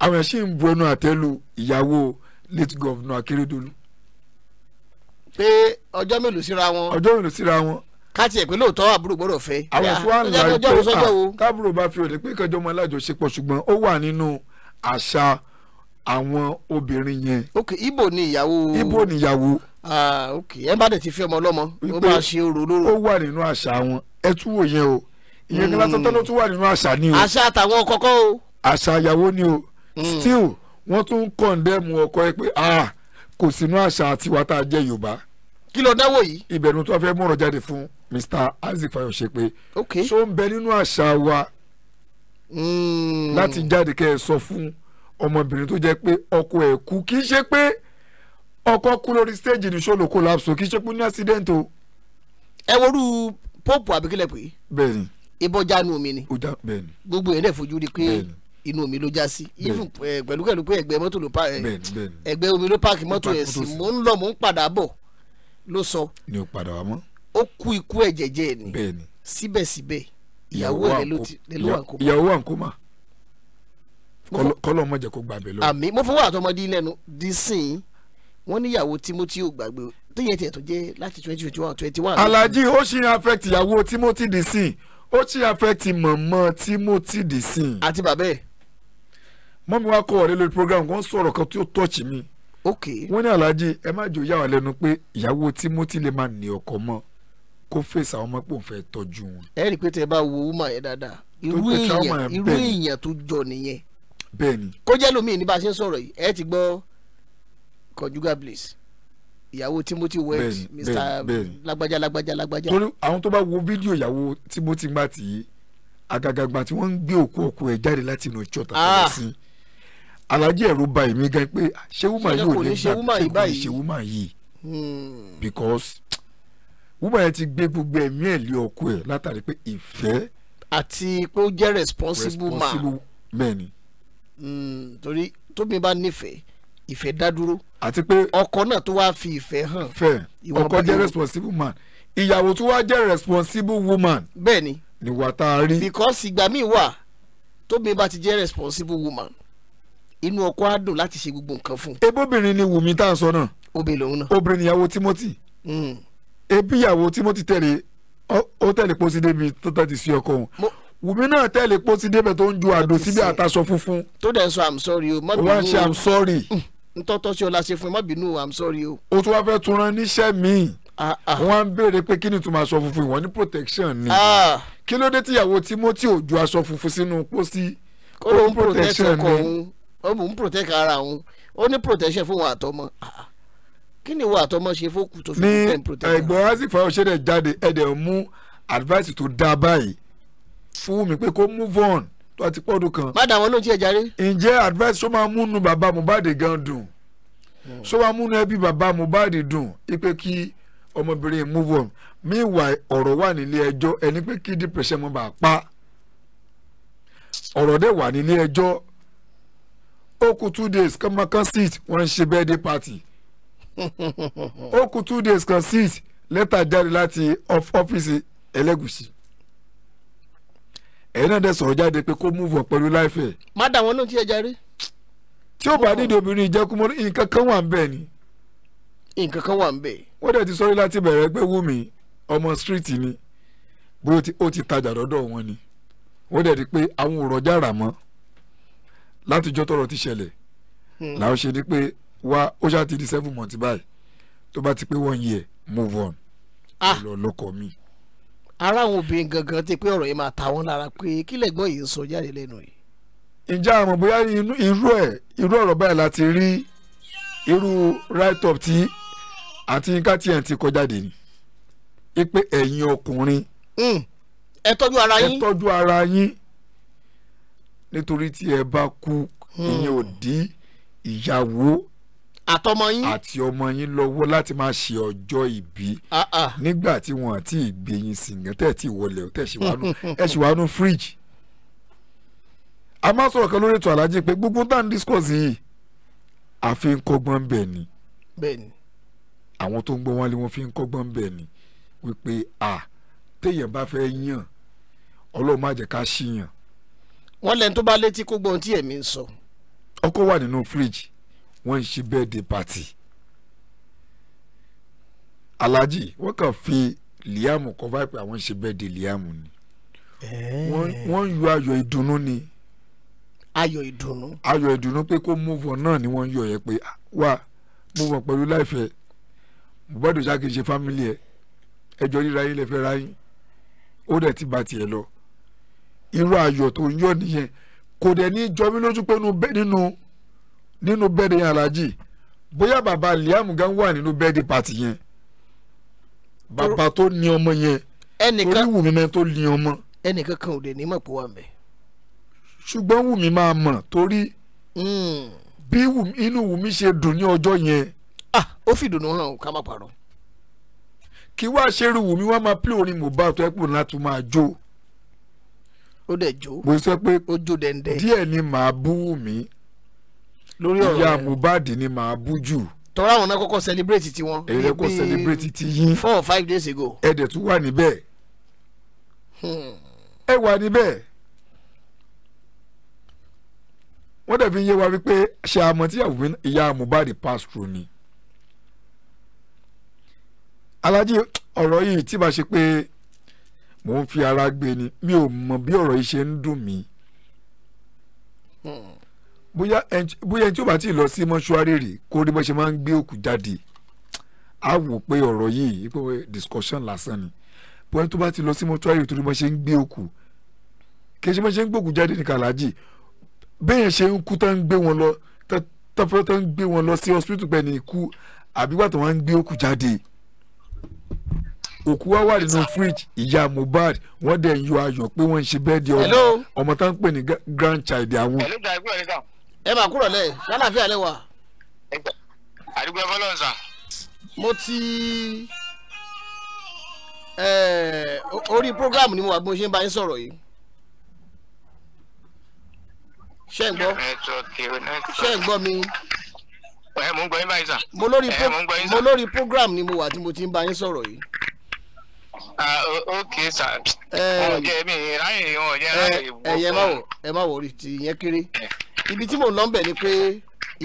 àwọn ẹ̀sìn ń bu ẹnu àtẹ́lu ìyàwó late governor Akérédolú. pé ọjọ́ mélòó síra wọn. ọjọ́ mélòó síra wọn. káàtì ẹ̀ pé lóòótọ́ àbúrò gbọ́dọ̀ fẹ́. àwọn fún àlàyé pé tábúrò bá fi òde pé kẹjọ ọmọ alájọṣepọ̀ ṣùgbọ́n ó wà nínú àṣà àwọn obìnrin yẹn. ok ibo ni ìyàwó. ibo ni ìyàwó. ah ok ẹ bá dẹ̀ ti fi ọmọ lọ́mọ. ó máa ṣe orò lóró. ó wà nínú àṣà wọn ẹ tún wò yẹn o ìyẹn kí lásán tọ́lọ́ tún wà nínú àṣà ni o. àṣà àtàwọn kọ̀ọ̀kan o. àṣà ìyàwó ni o. Hmm. still wọ́n tún kọ̀ǹdẹ́mù ọkọ ẹ pé ah kò sínú àṣà tiwa tá a jẹ́ yorùbá. kí ló dáwọ́ yìí. ìbẹ̀rù tó fẹ́ mọ̀rọ̀ jáde fún Mr. Isaac Fayose pé. ok ṣó ń bẹ nínú àṣà wa. Hmm. láti jáde kẹ́ ẹ sọ fún ọmọbìnrin tó jẹ́ pé ọkọ ẹ̀ kú kì í ṣe pé ọkọ kú lórí stage ní ṣòlò collapse kì í ṣe pé ní accident o. ẹ worú pope abikilẹ pé. bẹ́ẹ̀ni. ibọ jánu omi ni. gbogbo yẹn dẹ fojú rí pé inú omi ló já sí. even eh, pẹ̀lú pẹ̀lú pé ẹgbẹ́ mọ́tò ló pa eh, ẹgbẹ́ omi ló páàkì mọ́tò ẹ̀ sí mò ń lọ mò ń padà bọ̀ ló sọ. ni o padà wá mọ́. ó kú ikú ẹ̀jẹ̀jẹ̀ ni síbẹ̀síbẹ̀ ìyàwó ẹ̀ ló wà ń kó mọ́. ìyàwó wà kọ́lọ́ mọ̀ jẹ́ kó gba abẹ lọ. àmì mo fọwọ́ àtọmọdé lẹ́nu dísìn wọ́n níyàwó Timothy ò gbàgbé tóyẹ tiẹ̀ tó jẹ́ láti twenty twenty one twenty one. Alaji, ó ṣì ń affect ìyàwó Timothy dísìn ó ṣì ń affect mọ̀mọ́ Timothy dísìn. àti bàbá ẹ̀. mọ́mi wá kọ́ ọ̀rẹ́ lórí program wọ́n sọ̀rọ̀ kan tí ó tọ́ọ̀chì mi. ok wọ́n ní Alhaji ẹ má jò yà wá lẹ́nu pé ìyàwó Timothy lè máa ní ọkọ mọ́ kó fèsì àwọn ọmọ pé òun fẹ́ tọ́jú wọn. ẹ rí i pé tẹ bá wo woman yẹn dáadáa irú èèyàn tó jọ nìyẹn bẹ́ẹ̀ni. kó jẹ́ lómi ní bá a ṣe ń sọ̀rọ̀ yìí ẹ ti gbọ́ conjugal bliss ìyàwó timothy west mr lagbaja lagbaja lagbaja. torí àwọn tó bá wo fídíò ìyàwó timothy ngbàtì yìí àgàgàgbà tí wọ́n ń gbé òkú òkú ẹ̀ jáde láti inú ìjọ tàbí ah! sí i alájẹ ba èmi gan pé ah, ṣé wúmà yìí ò ní gbà ṣé kò ní ṣe wúmà yìí hmm. because wúmà yẹn ti gbé gbogbo ẹ̀mí ẹ̀ lé ọkọ ẹ̀ látàrí pé ìfẹ́ àti pé ó jẹ́ responsible man. responsible man Hmm, torí tóbi bá nífẹ̀ẹ́ ìfẹ́ dá dúró. àti pé ọkọ náà tó wáá fi ìfẹ́ hàn. fẹ́ ọkọ jẹ́ responsible man ìyàwó tó wáá jẹ́ responsible woman. bẹ́ẹ̀ni ni wà tá a rí. because ìgbà míì wà tóbi bá ti jẹ́ responsible woman inú ọkọ á dùn láti ṣe gbogbo nǹkan fún. ebóbìnrin ni wùmí tá a sọ náà. obìnrin lòun náà. obìnrin ìyàwó Timothy. Hmm. ebi ìyàwó Timothy tẹ̀lé ó tẹ̀lé pósí débi tó tẹ̀lé sí ọkọ òun wùmí náà tẹ̀lé pósí débẹ̀ tó ń ju àdó síbi àtàṣọ funfun. tó dẹ̀ sọ i'm sorry o o wá ṣe i'm sorry. Mm, ntọ́tọ́ ṣe ọ̀la ṣe fún mọ́bìnú o i'm sorry o. o tún wá fẹ́ tún rán níṣẹ́ míì ah, ah. wọ́n á ń béèrè pé kí ni tún máa sọ funfun ìwọ̀n ní protection ni ah. kí ló dé tíyàwó Timothy ò ju aṣọ funfun sínú pósí ó ń protection ni ó ń protect ara òun ó ní protection fún òun àtọmọ kí ni ìwọ àtọmọ ṣe fókù tó fi ten protection. ní ẹgbẹ́ wá sí fàáyọ̀ṣẹ́ dẹ̀ jáde ẹ̀dẹ̀ advice tó dáa fún mi pé kó move on tó a ti pọ́ ọdún kan. má dà ló ti ẹ̀ járe. ǹjẹ́ advice ṣó máa múnú bàbá Mohbad gan dùn ṣó máa múnú ẹbí bàbá Mohbad dùn ipe kí ọmọbìnrin move on meanwhile ọ̀rọ̀ wà nílé ẹjọ́ ẹni pé kí depression mọ́ bá pa ọ̀rọ̀ dẹ̀ wà nílé ẹjọ́ ó kù two days kan máa kan sit wọ́n ṣe birthday party ó kù two days kan sit lẹ́tà jáde láti ọ́fíìsì ẹlẹ́gùsì ẹ̀yin náà dẹ̀ sọ̀rọ̀ jáde pé kó move on pẹ̀lú láìfẹ́. má dà wọn lóhùn tí ẹ jarí. tí ó bá nídìí obìnrin ìjẹkùmọ́ nǹkan kan wà ń bẹ̀ ni. nǹkan kan wà ń bẹ̀. wọ́n dẹ̀ ti sọ́rí láti bẹ̀rẹ̀ pé Wùmí ọmọ street ni bó ó ti tajà lọ́dọ̀ wọn ni wọ́n dẹ̀ di pé àwọn òrọ̀jà rà mọ́ látijọ́ tọrọ ti ṣẹlẹ̀ hmm. làwọn ṣe ni pé wá ó ṣáà ti di seven months báyìí tó bá ti pé one year move on. ah lọ ara àwọn obìnrin gangan ti pé ọ̀rọ̀ yìí máa ta wọ́n lára pé kí lẹ́gbọ́n yìí sọ jáde lẹ́nu yìí. ǹjẹ́ àmọ̀ bóyá irú ẹ̀ irú ọ̀rọ̀ báyìí láti rí irú write up tí àti nǹkan tí ti kọ jáde ni ẹ pé ẹ̀yin ọkùnrin. Hmm. ẹ tọ́jú ara yín. ẹ tọ́jú ara yín nítorí tí ẹ bá kú hmm. ìyẹn ò dí ìyàwó àtọmọ yín. àti ọmọ yín lọ́wọ́ láti máa ṣe ọjọ́ ìbí. Ah, ah. nígbà tí wọn àti ìgbẹ̀yìn sìngàn tẹ̀ tí wọlé tẹ̀ ṣì wà nù ẹ̀ ṣì wà nù fíríjì. a máa sọ̀rọ̀ kan lórí ètò alájí pé gbogbo tá à ń discuss yìí àfi ń kọ́gbọ́n bẹ̀ ni. àwọn tó ń gbọ́ wọn lé wọn fi ń kọ́gbọ́n bẹ̀ ni wípé a téèyàn bá fẹ́ yàn ọlọ́run má jẹ́ ká ṣíyàn. wọ́n lẹ́ni tó bá létí kó gbọ́n tí ẹ̀mí ń sọ. ọkọ wà nínú fíríjì wọ́n ń ṣe birthday party Alaji wọ́n kàn fi Liam cover pé àwọn ń ṣe birthday Liam ni wọ́n ń yọ ayọ̀ ìdùnnú ni ayọ̀ ìdùnnú ayọ̀ ìdùnnú pé kó move náà ni wọ́n ń yọ yẹn pé ah, wá move on pẹ̀lú láìfẹ́ Mohbad ṣáà kì í ṣe family ẹ̀ ẹjọ́ ríra yín lè ra yín ó dẹ̀ ti bá tiẹ̀ lọ irú ayọ̀ tó ń yọ nìyẹn kò dẹ̀ ní jọmí lójú pé nínú nínú bẹ́ẹ̀dì yẹn alájì bóyá bàbá Liam gan wà nínú bẹ́ẹ̀dì pàtì yẹn bàbá tó ní ọmọ yẹn torí Wùmí mẹ́ tó ní ọmọ. ẹnìkan kan ò dé ní mọ̀ pé wà mẹ́. ṣùgbọ́n Wùmí máa mọ̀ torí hmm. bí inú Wùmí ṣe dùn ní ọjọ́ yẹn. ah ó fi dùnú hàn ká má parọ́. kí wàá ṣerú Wùmí wàá máa pílò orin Mohbad tó ẹ́ pò láti máa jó ó dẹ̀ jó ó jó dẹ́ndẹ́ díẹ̀ ni màá bú Wùmí lórí ọ̀rọ̀ rẹ̀ ìyá Mohbad ni màá bú jù. tọ́ra àwọn náà kọ́kọ́ celebrate tiwọn. èrè kò celebrate ti yín. four or five days ago. ẹ dẹ̀ tún wà níbẹ̀. Hmm. ẹ wà níbẹ̀. wọ́n dẹ̀ yé wa wípé ṣe àmọ́ tí ìyá Mohbad pass through ni. alájí ọ̀rọ̀ yìí tí bá ṣe pé mò ń fi ara gbé ni mi ò mọ̀ bí ọ̀rọ̀ yìí ṣe ń dùn mí. Hmm bóyá ẹni tí ó bá ti lọ sí mọ́ṣúárì rí kó rí bó ṣe máa ń gbé òkú jáde á wò pé ọ̀rọ̀ yìí pé discussion lásán ni bóyá tó bá ti lọ sí mọ́ṣúárì tó rí bó ṣe ń gbé òkú kì í ṣe bó ṣe ń gbé òkú jáde ní kàlájì bẹ́ẹ̀ ṣe ń kú tó ń gbé wọn lọ tọ́fẹ́ tó ń gbé wọn lọ sí hospital pẹ̀ ní ikú àbí wà tó wọn ń gbé òkú jáde òkú wa wà nínú fridge ìyá Mohbad wọ́n dẹ̀ ń yọ ayọ̀ pé wọ́n ń ṣe bẹ́ẹ̀ di ọmọ tó pè ní grandchild àwọn. hello guy, ẹ máa kúrò lẹ lálàáfíà lẹ wà. àdúgbò ẹfọlọ sà. mo ti orí program ni mo wà bí mo ṣe ń bá yín sọ̀rọ̀ yìí ṣe ń gbọ́ ṣe ń gbọ́ mi. ẹ mò ń gbọ́ yín báyìí sà. mo lórí mo lórí program ni mo wà tí mo ti ń bá yín sọ̀rọ̀ yìí. ok sà. ẹ ẹ ẹ ẹ má wò ẹ má wò rí ti yẹn kéré ibi tí mò ń lọ bẹ̀ ni pé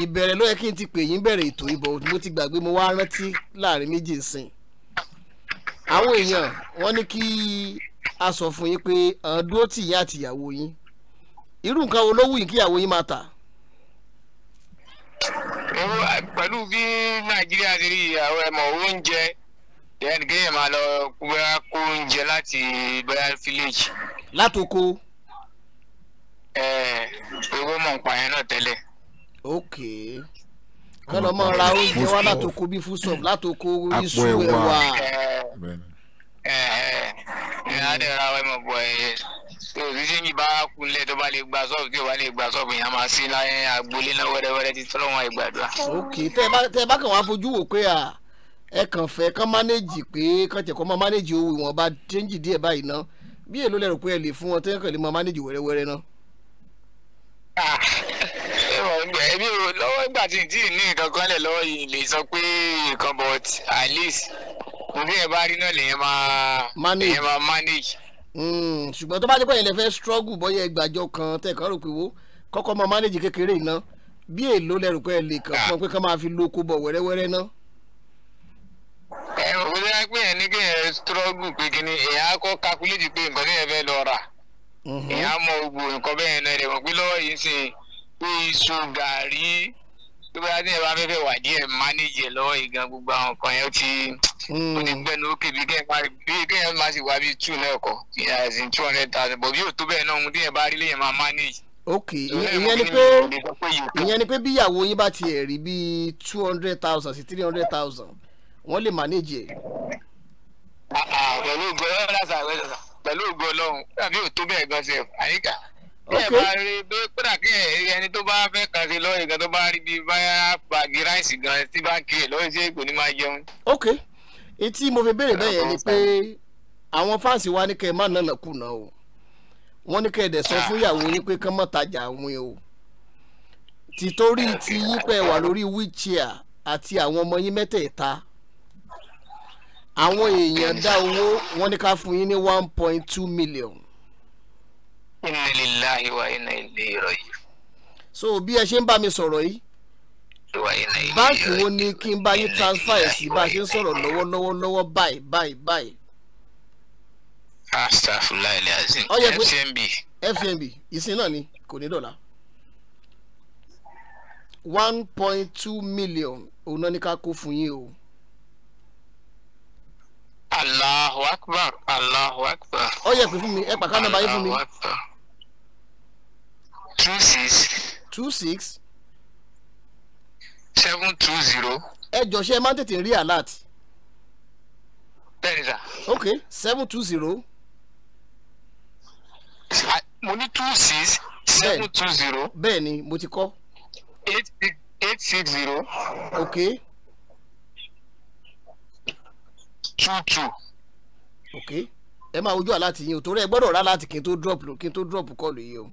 ìbẹ̀rẹ̀ ló yẹ kí n ti pè yín bẹ̀rẹ̀ ètò ìbò mo ti gbàgbé mo wá rántí láàrin méjì sìn àwọn èèyàn wọ́n ní kí a sọ fún yín pé àwọn dúró tì yín àti ìyàwó yín irú nǹkan wo ló wù yín kí ìyàwó yín máa tà. pẹ̀lú bí nàìjíríà ti rí àwọn ẹ̀mọ̀ oúnjẹ ẹnìkéyàn máa lọ kó oúnjẹ láti bẹ́ẹ̀ fílẹ̀jì. látòkò. Eh, owó mọ̀ npa yẹn náà tẹ́lẹ̀. ok kí ló máa ra oúnjẹ wá látòkó bí fúsọ̀m látòkó iṣu ẹ̀wà. ẹ eh, eh, adé ra wẹ́ mọ̀ bọ̀ ẹ̀ tó ti ṣe ń yí bára kunlẹ̀ tó bá lè gba sọ́ọ̀bù tí ò bá lè gba sọ́ọ̀bù yẹn a máa sí láyé agboolé náà wẹ́rẹ́wẹ́rẹ́ ti tọ́lọ́ wọn ìgbàdúrà. ok tẹ ẹ bá kàn wá fojú wò pé à ẹ kàn fẹ́ kán mánéjì pé kán tẹ̀ kọ́ máa mánéjì owó ìwọ̀nba tẹ́ńjì díẹ̀ báyìí ná bí èlò lẹ́rù pé ẹ lè fún wọn tẹ́ńkàn lè máa mánéjì wẹ́rẹ́wẹ́rẹ́ náà. ẹbí o lọ́wọ́ ìgbà tí tí ní nǹkan kan lẹ̀ lọ́wọ́ yìí lè sọ pé nǹkan but at least nǹkan yẹn bá rí náà lèyẹn máa lèyẹn máa manage. Hmm, ṣùgbọ́n tó bá fẹ́ struggle kan tẹ̀kọ́ rò pé wo kọ́kọ́ máa manage kékeré iná bí èlò lẹ́rù pé lè kàn fún ọ pé ká máa fi lóko bọ̀ wẹ́rẹ́wẹ́rẹ́ náà ẹ ò Mm-hmm. èèyàn á mọ gbogbo nǹkan bẹ́ẹ̀ náà ẹ̀rẹ̀ mọ̀ pé lọ́wọ́ yìí ń sìn pé iṣu gàrí tó bá ní ẹ̀rọ afẹ́fẹ́ wà díẹ̀ mánéjì ẹ̀ lọ́wọ́ yìí gan gbogbo àwọn nǹkan yẹn ti ó ti mm. gbẹ́nu ó kébí kéèyàn máa sì wá bíi two lẹ́ẹ̀kọ́ ìyá ẹ̀sìn two hundred thousand bọ̀ bí yóò tó bẹ́ẹ̀ náà ohun tí yẹn bá rí lè yẹn máa mánéjì ok ìyẹn ni pé ìyẹn ni pé bí ìyàwó yín bá tiẹ̀ rí bíi two hundred thousand sí three hundred thousand wọ́n lè manage ẹ̀. Ah, ah, pẹ̀lú ìgbẹ́ ọ̀rẹ́ ṣàwẹ́ ṣàwẹ́ pẹ̀lú ògo ọlọ́run tàbí ò tó bẹ́ẹ̀ gan ṣe àyíká bẹ́ẹ̀ bá rí pé kódà kí ẹni tó bá fẹ́ kan ṣe lọ́ọ̀yì kan tó bá rí bíi báyà bàgì ráìsì gan tí bá ń kiri lọ́ọ̀yì sí èkó ní máa jẹun. ok etí mo fi béèrè bẹ́ẹ̀ yẹn ni pé àwọn fáǹsì wa ní kẹ́ ẹ má nànà kùnà o wọ́n ní kẹ́ ẹ dẹ̀ sọ fún ìyàwó yín pé kán má tajà wín o tìtorí ti yípẹ́ wà lórí wheelchair àti àwọn ọmọ yín mẹ́tẹ̀ẹ̀ta àwọn èèyàn dá owó wọ́n ní ká fún yín ní one point two million. inna lillahi wa inna ilayhi raji'un. so bí ẹ ṣe ń bá mi sọ̀rọ̀ yìí báńkì wo ni kí n bá yín transfer ẹ̀ sí bá a ṣe ń sọ̀rọ̀ lọ́wọ́lọ́wọ́ lọ́wọ́ báyìí báyìí báyìí. astagfirullah ilazim fnb. fnb ìsìn náà ni kò ní dọ̀la one point two million òun náà ní ká kó fún yín o. Allahu akbar Allahu akbar. Ó yẹ pé fún mi ẹ pàkánù báyìí fún mi. two six. two six. seven two zero. ẹ jọ ṣe é máa ń tètè rí alert. bẹ́ẹ̀ni sà. ok seven two zero. mo ní two six seven two zero. bẹ́ẹ̀ni mo ti kọ́. eight eight six zero. ok two two. ok ẹ máa wojú àlá tìyín o torí ẹ gbọ́dọ̀ rà láti kí n tó drop kí n tó drop kọ́ọ̀lù yìí o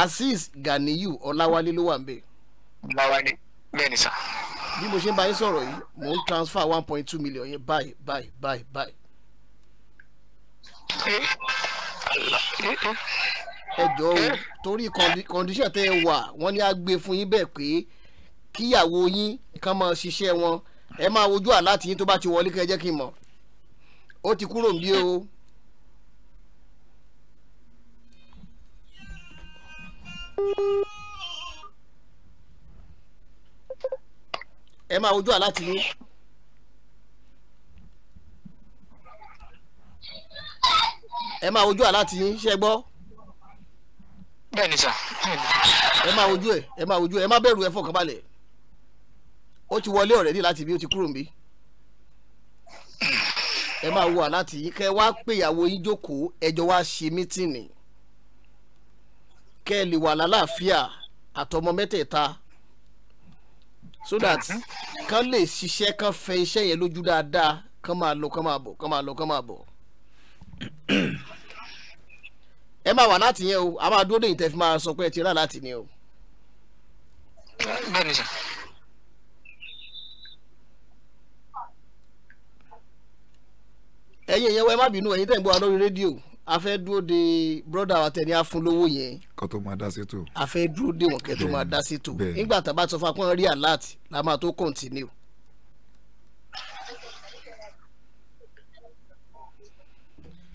Asis ganiyu ọláwálé ló wà ń bẹ̀. ọláwálé bẹ́ẹ̀ ni sà. bí mo ṣe ń bá yín sọ̀rọ̀ yìí mò ń transfer one point two million yẹn báyìí báyìí báyìí báyìí. ẹ jọ̀ọ́ o torí condition tẹ́ ẹ wà wọ́n ní á gbé fún yín bẹ́ẹ̀ pé kíyàwó yín kàn máa ṣiṣẹ́ wọn ẹ máa wojú àlá tìyín tó bá ti wọlé kẹ́ ẹ jẹ́ kí n mọ̀ ó ti kúrò nílé o. ẹ máa wojú àlá tìyín. ẹ máa wojú àlá tìyín ṣe gbọ́. bẹ́ẹ̀ni sà. ẹ máa wojú ẹ ẹ máa wojú ẹ ẹ má bẹ̀rù ẹ fọkànbalẹ̀ ó ti wọlé ọ̀rẹ́dì láti bí ó ti kúrò níbí ẹ máa wo àláti yìí kẹ́ ẹ wá péyàwó yín jókòó ẹjọ́ wá ṣe mítìnì kẹ́ ẹ lè wà lálàáfíà àtọmọ mẹ́tẹ̀ẹ̀ta so that kán lè ṣiṣẹ́ kán fẹ́ iṣẹ́ yẹn lójú dáadáa kán máa lọ kán máa bọ̀ kán máa lọ kán máa bọ̀ ẹ máa wà láti yẹn o a máa dúró dé ìtẹ́fí máa sọ pé ẹ ti rà láti ni o. bẹ́ẹ̀ ni sà. ẹ̀yin yẹn wọ ẹ má bínú ẹ̀yin tẹ̀ ń gbọ́ wa lórí rédíò a fẹ́ dúró de brọ́dà wa tẹ̀lé afúnlówó yẹn. kó tó máa dá sí tò. a fẹ́ dúró de wọn kẹ́ tó máa dá sí tò. nígbà tá a bá sọ fún akọ́n rí alert la máa tó continue.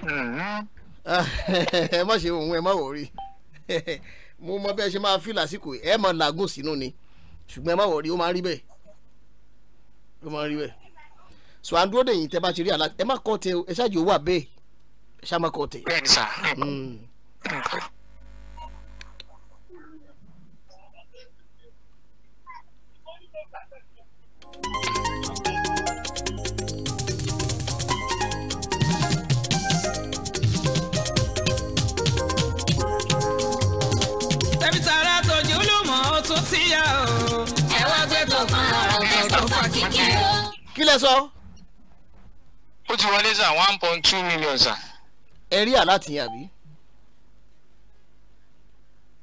Mm-hmm. ẹ má ṣe òun ẹ má wọrí mo mọ bẹ́ẹ̀ ṣe máa fi lásìkò ẹ mọ làágùn sínú ni ṣùgbọ́n ẹ má wọrí ó máa rí bẹ́ẹ̀ ó máa rí bẹ́ẹ̀ so à ń dúró dèyìn tẹ bá ti rí àlá ẹ má kọ́ tẹ ẹ ṣáàjì owó àbẹ́ ẹ ṣáà má kọ́ tẹ. bẹ́ẹ̀ni sà. Mm. kí lẹ sọ ti wọlé sà one point two million sà. ẹ rí àláti yàn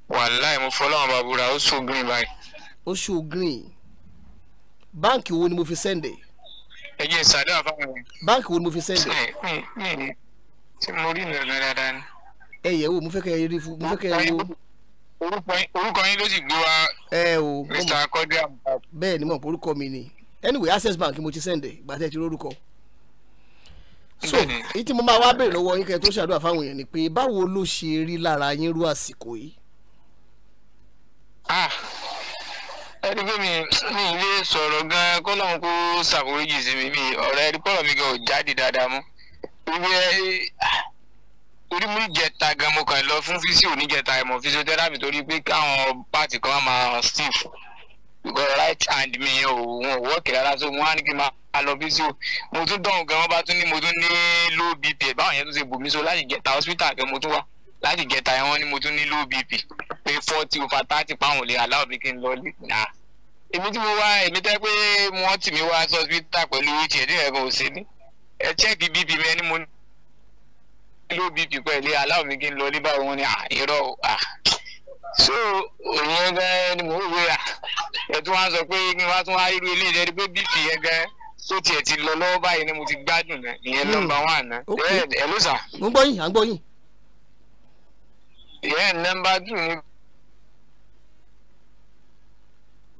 wàláì mo fọlọ́run bàbúrà babura sùn green báyìí. ó sùn green báǹkì wo ni mo fi sẹ́ndẹ̀. ẹ jẹ́ ìsàdé àbáwọn. báǹkì wo ni mo fi sẹ́ndẹ̀. tí mo rí ìrìnà dáadáa ni. ẹ yẹ̀ wò mo fẹ́ kẹ́ ẹ rí mo fẹ́ kẹ́ ẹ wo. orúkọ yín ló sì gbé wa. ẹ o Mr. Quadri. bẹ́ẹ̀ ni mo orúkọ mi ni anyway Access Bank mo ti sẹ́ndẹ̀ gbàtẹ́ ti rórúkọ so èyí tí mo máa wá béèrè lọ́wọ́ yín kẹ́ tó ṣàdúrà fáwọn èèyàn ni pé báwo ló ṣe rí lára yín rú àsìkò yìí. ah ẹni pé mi mi ilé sọ̀rọ̀ gan-an kó lóun kó ṣàforíjì sí mi mi ọ̀rọ̀ ẹni pọ̀rọ̀ mi gan ò jáde dáadáa mọ́ wípé torí mú gan mo kàn lọ fún físíò níjẹta ẹ̀mọ́ físíò torí pé káwọn pààtì kan máa steve right hand mi òun ò wọ́ọ̀kì rárá so wọ́n á ní kí n máa lọ bí so mo tún dọ̀hún gan wọ́n bá tún ní mo tún ní low bp ẹ̀ báwọn yẹn tún ṣe bù mí so láti gẹ̀ta hospital kan mo tún wá láti gẹ̀ta ẹ̀ wọ́n ní mo tún ní low bp pé forty over thirty pound lè aláwọ̀ bí kí n lọ lé nà èmi tí mo wá èmi tẹ́ pé wọ́n tì mí wá sí hospital pẹ̀lú wheelchair ní ẹ̀kan ò sí ní ẹ check bp mi ẹni mo ní low bp pẹ̀lú aláwọ̀ mi kí n lọ lé báwọn ní à ah, irọ́ à ah. so òun gan ni mo wé à ah, ẹ tún wá sọ pé kí n wá tún wá irú ilé ìdẹ́rí pé bíìfì yẹn gan tó tiẹ̀ ti lọ lọ́wọ́ báyìí ni mo ti gbádùn náà ìyẹn nọ́mbà wàn náà ẹ ló sà. mo ń gbọ́ yín à ń gbọ́ yín. ìyẹn nọ́mbà tù ní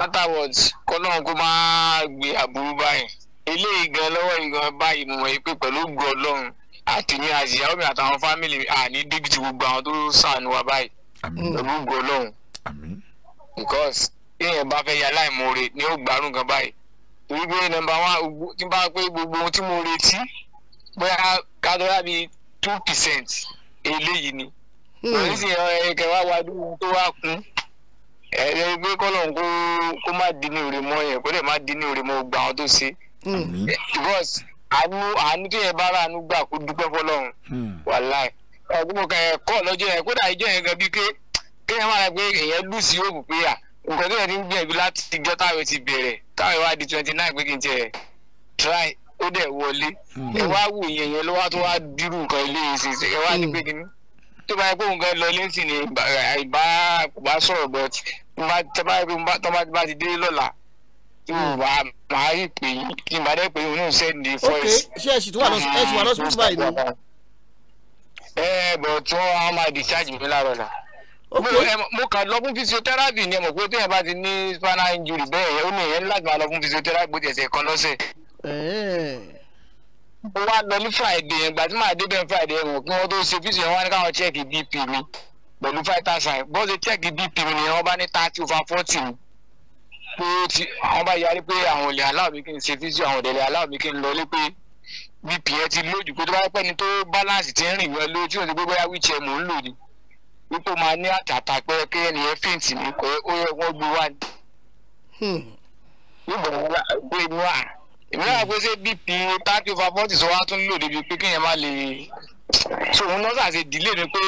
afterwards kọ́nà kó máa gbé àbúrú báyìí eléyìí gan lọ́wọ́ yìí báyìí mo mọ̀ pé pẹ̀lú ògùn ọlọ́run àti ní àṣìyàwó mi àtàwọn fámìlì àní débi gbogbo àwọn tó sànù wa báyìí pẹ̀lú ògùn ọlọ́run because téèyàn bá fẹ́ ya láìmoore ni ó gbárùn kan báyìí torí pé 1 wá tí bá pé gbogbo ohun tí mo retí bóyá kádọ́rà bíi two percent eléyìí ni òun hmm. sì ẹ̀kẹ́ wá wá dúró tó wá kún ẹ̀rẹ́ pé kọ́lọ́n kó má dín ní òrè mọ́ yẹn kó dẹ̀ má dín ní òrè mọ́ gbà wọn tó ṣe hmm. because àánú àánú tó yẹ gbà kó dúpẹ́ fọlọ́run ọ̀gbọ́n hmm. lọ́jọ́ yẹn kódà yẹn gan pé kéèyàn máa rẹ pé èèyàn lù sí nǹkan tó yẹ ti ń gbìyànjú láti ìjọ táwọn ti bẹ̀rẹ̀ táwọn wá di twenty nine pé kí n tiẹ̀ try ó dẹ̀ wọlé hmm. ẹ wá wù yẹn yẹn ló wá tó wá dírú nǹkan ilé yìí sí ẹ wá ní hmm. pé kí ni tó bá yẹ kó nǹkan lọ lẹ́sìn ni àìbá kò bá sọ̀rọ̀ but tọ́ba ti dé lọ́la ìwà máa hmm. rí pé kí n bá dẹ́ pé òun sẹ́ndì voice. ok ṣé ẹ sì tún wà lọ́sibítù báyìí ni. ẹ bọ̀ tí wọ́n á máa discharge mi láàárọ̀ náà mo kàn lọ fún physiotherapy ni mo pé téèyàn bá ti ní spinal injury bẹ́ẹ̀ yẹn ó ní èèyàn láti máa lọ fún physiotherapy bó ti ẹsẹ̀ kan lọ́sẹ̀. mo wá lọ ní friday yẹn gbà tí màá dé bẹ́ẹ̀ friday yẹn wọ̀n kí wọ́n tó ṣe fíṣọ̀ yẹn wá ní káwọn check bp mi pẹ̀lú five thousand bó ṣe check bp mi nìyẹn wọ́n bá ní thirty over forty mi pé wọ́n bá yarí pé àwọn olè aláwọ̀ mi kì í ṣe fíṣọ̀ àwọn òdèlè aláwọ̀ mi kì í lọ lé bp yẹn ti lójú pé tó bá pẹ́ni tó balance ti ń rìn yẹn lójú òní gbogbo yà wíìchẹ́ mò ń lò ni wípé máa ní àtàtà pé kí ẹni yẹn fèǹtì mi kọ ó yẹ wọn gbé wá ní. Hmm. nígbà wọn wá ní wá èmi náà gbé sí bp thirty over forty sọ wá tún lò débi pé kéèyàn má lè so òun náà ṣàṣe dílé mi pé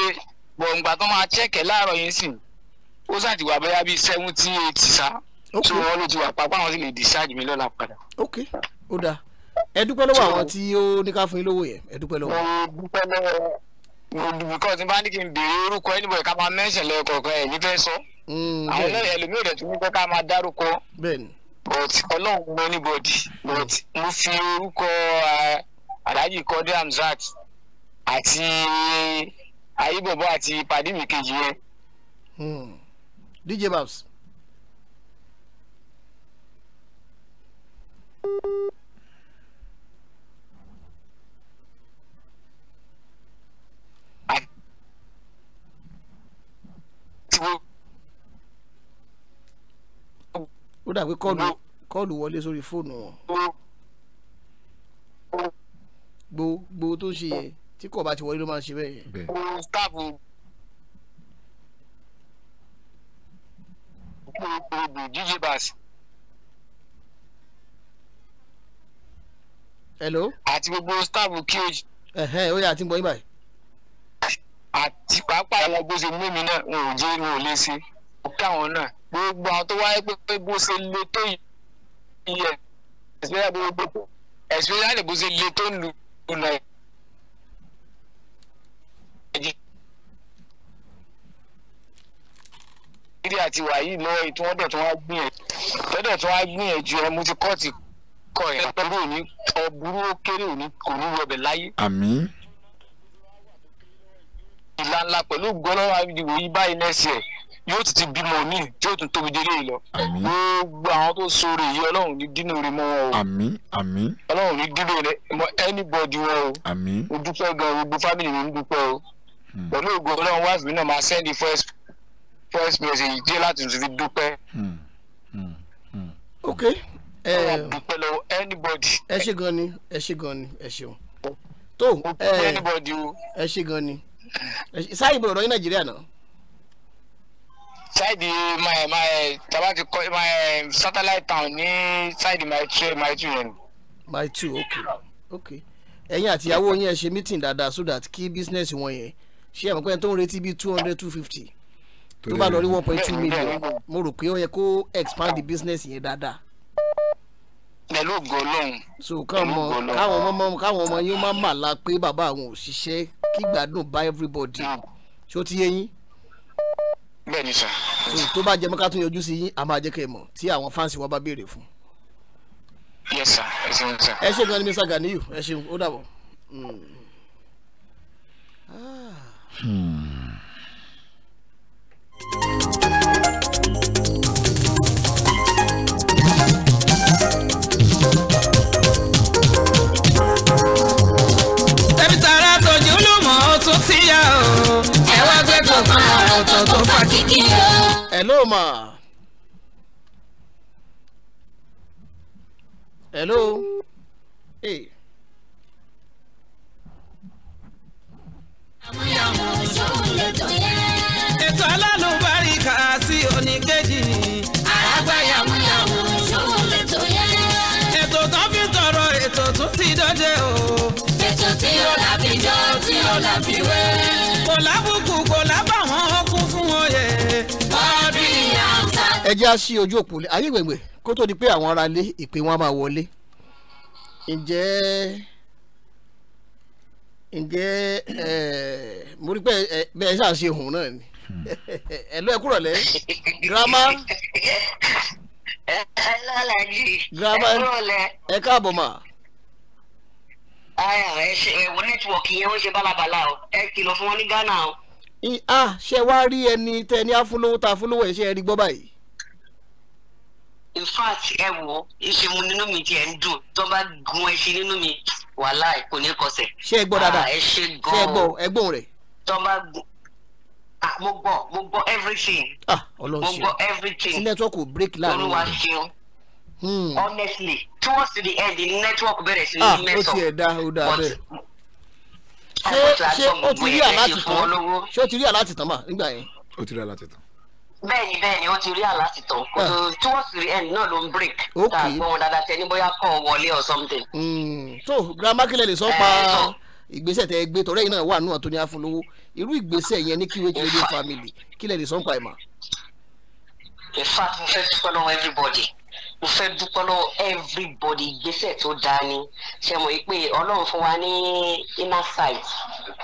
gbọ̀ngbà tó máa chẹ́kẹ̀ láàárọ̀ yìí sì ó ṣàti wà bẹ́yà bíi seventy eighty sa so wọn ló ti wà papọ̀ àwọn sì lè discharge mi lọ́la padà. ok ó dáa ẹ dúpẹ́ lọ́wọ́ àwọn tí ó ní ká fún yín lówó yẹn ẹ dúpẹ́ lọ́wọ́. ẹ dúpẹ́ lọ́wọ́ because n bá ní kí n béèrè orúkọ anybody ká máa mention lẹ́ẹ̀kọ̀ọ̀kan ẹ̀ nífẹ̀ẹ́ sọ mm, àwọn náà ẹlòmíràn rẹ̀ tún ní pé ká máa dárúkọ but ọlọ́run mọ anybody but mo fi orúkọ alhaji kọ́dé hamzat àti ayébọ̀bọ̀ àti pàdé mi kejì yẹn. Hmm. dj babs. thank you ó dà pé kọ́ọ̀lù kọ́ọ̀lù wọlé sórí fóònù wọn gbogbo tó ń ṣe yẹn tí kò bá ti wọlé ló máa ń ṣe bẹ́ẹ̀ yẹn. DJ Bass. hello. àti gbogbo staff kí o. ẹ̀hẹ́ ó yà á ti ń bọ̀ yín báyìí pàápàá wọn bó ṣe mú mi náà n ò jẹ́ n ò lè ṣe ọ̀ká wọn náà gbogbo àwọn tó wáyé pé bó ṣe le tó yẹ ẹ̀sìpẹ́yà gbogbo ẹ̀sìpẹ́yà ni bó ṣe le tó lu nàìjíríà. nàìjíríà ti wà yìí lọ́wọ́ ètò ọ̀dọ̀ tó wá gbìyànjú lọ́dọ̀ tó wá gbìyànjú ẹ mo ti kọ́ ti kọ́ ẹ̀ pẹ̀lú òní ọ̀bùrú ó kéré òní kò ní wọbẹ̀ láyé. àmín ìlà ńlá pẹ̀lú gọ́lọ́wọ́ ìdìbò yìí báyìí lẹ́sẹ̀ yóò ti ti bímọ ní tí yóò tún tóbi délé yìí lọ. gbogbo àwọn tó sóore yìí ọlọ́run ní dínú rẹ mọ́ wọn o. àmín àmín. ọlọ́run ní dínú rẹ mọ́ anybody wọn o. àmín. o dúpẹ́ gan gbogbo family mi ń dúpẹ́ o. Hmm. pẹ̀lú ògùn ọlọ́run wáìfì mi náà máa sẹ́ndì first first message díẹ̀ láti fi dúpẹ́. Hmm, hmm, ok. ẹ eh, ẹ dúpẹ́ lọ anybody. ẹ ṣe gan ni ẹ ṣe gan ni ẹ ṣeun. tó eh, ẹ ẹ ṣe gan ni ṣáà ìbò ọ̀rọ̀ ní nàìjíríà náà. ṣáìdì máa máa tàbá ti kọ́ máa satellite town ní ṣáìdì máa tú máa tú yẹn. máa tú ok ok ẹ̀yin àti ìyàwó yín ṣe meeting dáadáa so that kí business wọn yẹn ṣé ẹ̀ mọ̀ pé ẹni tó ń retí bíi two hundred two fifty tó bá lọ rí one point two million mo rò pé ó yẹ kó expand the business yẹn dáadáa pẹ̀lú ògo ọlọ́run. so káwọn ọmọ káwọn ọmọ yín máa mà la pé bàbá àwọn ò ṣiṣẹ́ kí gbádùn bá everybody ṣé ó ti yé yín. bẹ́ẹ̀ni sà. so tó bá jẹ mọ́ ká tún yọjú sí yín a máa jẹ́ kẹ́ ẹ mọ̀ tí àwọn fáǹsì wọn bá béèrè fún. yes sir ẹ ṣeun sir. ẹ ṣe gan ni mr Ganiyu ẹ ṣeun ó dàbọ̀. Hmm. Ah. hmm. hello ma hello hey. àmúyàmú tó ń lè sí oníkejì. àràgbá yàmúyàmú tó ń lè ètò kan fi tọrọ ètò tún ti dọ́jẹ́ o. ètò tí o láfi jọ tí o láfi wé. kò lábùkù kò lábùkù. já sí ojú òpó ayé gbẹ̀ngbẹ̀ kó tó di pé àwọn ará lé ìpè wọn máa wọlé ǹjẹ́ ǹjẹ́ mo rí pé bẹ́ẹ̀ ṣáà ṣe hùn náà ni ẹ lọ ẹ kúrò lẹ girama girama ẹ káàbọ̀ mà. ẹ̀wọ̀n nẹ́tíwọ̀kì yẹn ó ṣe bálabàla o ẹ kìlọ̀ fún wọn ní Ghana o. Ah, ṣé wàá rí ẹni tẹ ní afúnlówó ta afúnlówó ẹ ṣe é rí gbọ́ báyìí in fact ẹ wo, ṣe mu nínú mi jẹ ń dùn tó bá gun ẹṣin nínú mi wàhálà kò ní kọsẹ̀. ṣé ẹ gbọ́ ah, dáadáa ẹ ṣe gan-an ṣé ẹ gbọ́ ẹ gbóhùn rẹ̀. tó bá gun ah, mo gbọ́ mo gbọ́ everything ah, mo gbọ́ everything tí network ò break láàrin olúwa ṣeun hmm. honestly towards the end the network bẹ̀rẹ̀ sí ní mess up ó tiẹ̀ dá ó dá bẹ́ẹ̀ ṣé ṣé ó ti rí àlá ti tán ṣé ó ti rí àlá ti tán mà nígbà yẹn. ó ti rí àlá ti tán bẹ́ẹ̀ni bẹ́ẹ̀ni ó ti rí àlàsì tán kò tó ah. towards the end náà ló ń break tá a gbọ́n dáadáa tẹ ní bóyá kọ́ wọlé or something. Hmm. so grandma kílẹ̀ lè sọ pa eh, ìgbésẹ̀ tẹ gbé tọ́rẹ́ yìí náà wà nù àtúnyà fún lówó irú ìgbésẹ̀ yẹn ní kíwé kíwé ní family kílẹ̀ lè sọ pa ẹ̀ mọ́. in fact mo fẹ́ dúpẹ́ lọ́wọ́ everybody mo fẹ́ dúpẹ́ lọ́wọ́ everybody ìgbésẹ̀ tó dáa ni ṣe mọ̀ pé ọlọ́run fún wa ní inner sight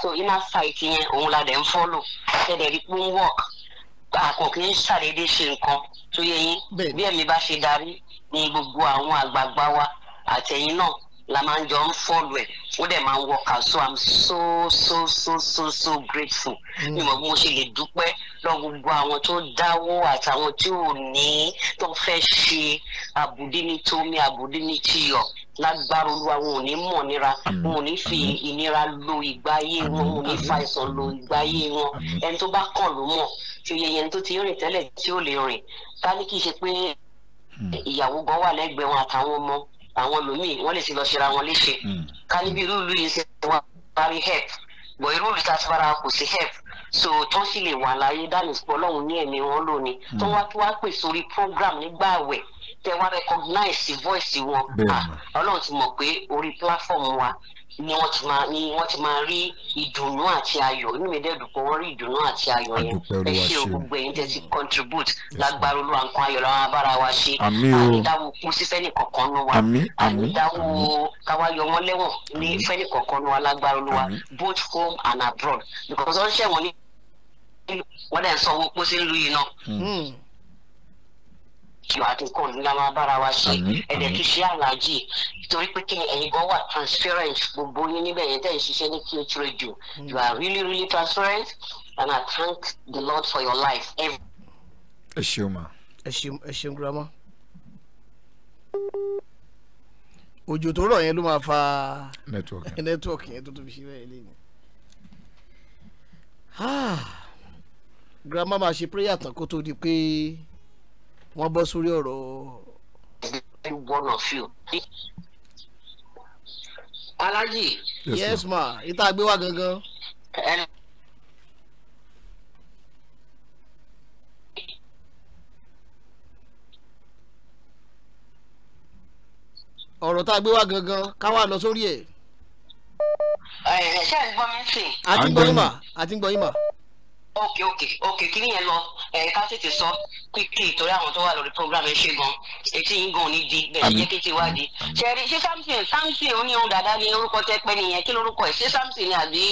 so inner sight yẹn òun la dẹ̀ ń follow ṣe dẹ̀ rí pé ń work àkò kì í ṣàdédé ṣe nǹkan tó yẹ yín bí ẹ̀mí bá ṣe darí ni gbogbo àwọn àgbààgbà wa àtẹ̀yìn náà la máa ń jọ ń fọ́ọ̀lù ẹ̀ ó dẹ̀ máa ń work so i'm so so so so so grateful mm. mi mọ̀ bí mo ṣe lè dúpẹ́ lọ gbogbo àwọn tó dáwọ́ àtàwọn tí ò ní tó fẹ́ ṣe àbùdí ní tómi àbùdí ní tíyọ̀ lágbára olúwa wọn ò ní mọ̀ nira wọn ò ní fi ìnira lo ìgbà ayé wọn wọn ò ní fa ìsàn lo ìgbà ayé wọn ẹni tó bá kàn ló mọ̀ tí oyè yẹn tó ti rìn tẹ́lẹ̀ tí ó lè rìn ká ní kí n ṣe pé hmm. ìyàwó gan wà lẹ́gbẹ̀ẹ́ wọn àtàwọn ọmọ àwọn lòmíì wọ́n lè ti lọ ṣera wọn léṣe hmm. Hmm. ká níbi irú ìlú yìí ṣe wá parí help bọ̀ irú ìlú tá a kò sí help so tó sì lè wà láyé dání ọlọ́run ní ẹ̀mí wọn lónìí tó wá tó wá pè sórí program nígbà àwẹ̀ tẹ wá recognize voice wọn ah, ọlọ́run ti mọ̀ pé orí platform wa ni wọ́n ti máa ni wọ́n ti máa rí ìdùnnú àti ayọ̀ inú mi dẹ́dùn pé wọ́n rí ìdùnnú àti ayọ̀ yẹn ẹ ṣe o gbogbo ẹ̀yin tẹ́ ti contribute lágbára olúwa nǹkan ayọ̀ làwọn abára wa ṣe ànídáwó ah, kú sí fẹ́ni kọ̀ọ̀kan nu wa ànídáwó ah, káwáyọ wọn lẹ́wọ̀n ní fẹ́ni kọ̀ọ̀kan nu wa lágbára olúwa both home and abroad because wọ́n ṣẹ̀wọ̀n ní wọ́n dẹ̀ ń sanwó pósí ń lu yìí náà. Hmm. Hmm ìwà tó kàn ní lámà bára wa ṣe ẹ̀dẹ̀ tó ṣe àlàjì torí pé kí ẹ̀yin gan wà transparent gbogbo yín níbẹ̀ yẹn tẹ̀ ń ṣiṣẹ́ ní QH radio hmm. you are really really transparent and I thank the Lord for your life. ẹ ṣeun ma. ẹ ṣeun ẹ ṣeun girama. òjò tó rọ̀ yẹn ló máa fa nẹ́tíwọ̀kì yẹn tó tóbi ṣe bẹ́ẹ̀ lé ní. Ah, máa ṣe prayer tán kó tó di pé wọ́n bọ́ sórí ọ̀rọ̀. one alájì. yes ma ìta gbé wá gangan. ọ̀rọ̀ tá a gbé wá gangan ká wá lọ sórí ẹ̀. ẹ ṣe ń gbọ́ mi sí. a ti ń gbọ́ yín mà a ti gbọ́ yín mà. ok ok ok kí ni yẹn lọ ẹ ká tètè sọ quickly torí àwọn tó wà lórí program ẹ ṣe gan etí yín gan ní di bẹ́ẹ̀ jẹ́ kí ti wá di. ṣẹ́rí ṣé samson samson ó ní ohun dada ní orúkọ tẹ́ pẹ́ nìyẹn kí lorúkọ ẹ̀ ṣé samson ni àbí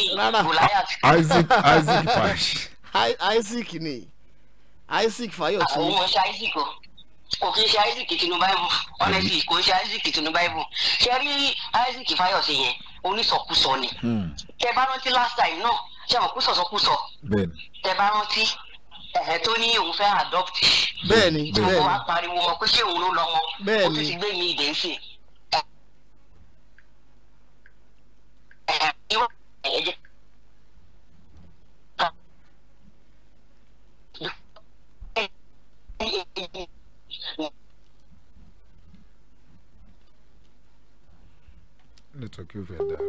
goliath. isaac isaac fash. isaac ni isaac fayọsẹ. àwọn ọmọ ṣe isaac o kò kí n ṣe isaac tinú báyìbù honestly kò ń ṣe isaac tinú báyìbù ṣẹ́rí isaac fayọsẹ yẹn onísọkúsọ ni. Hmm. tẹ bá rántí last time náà ṣé àwọn kúsọsọkúsọ tẹ bá rántí ẹ̀hẹ́ tó ní òun fẹ́ adopt. bẹ́ẹ̀ni bẹ́ẹ̀ni tí mo wá pariwo mọ pé ṣé òun ló lọ́mọ ó ti ti gbé mi ìdè sí Network yóò fẹ́ dàrú.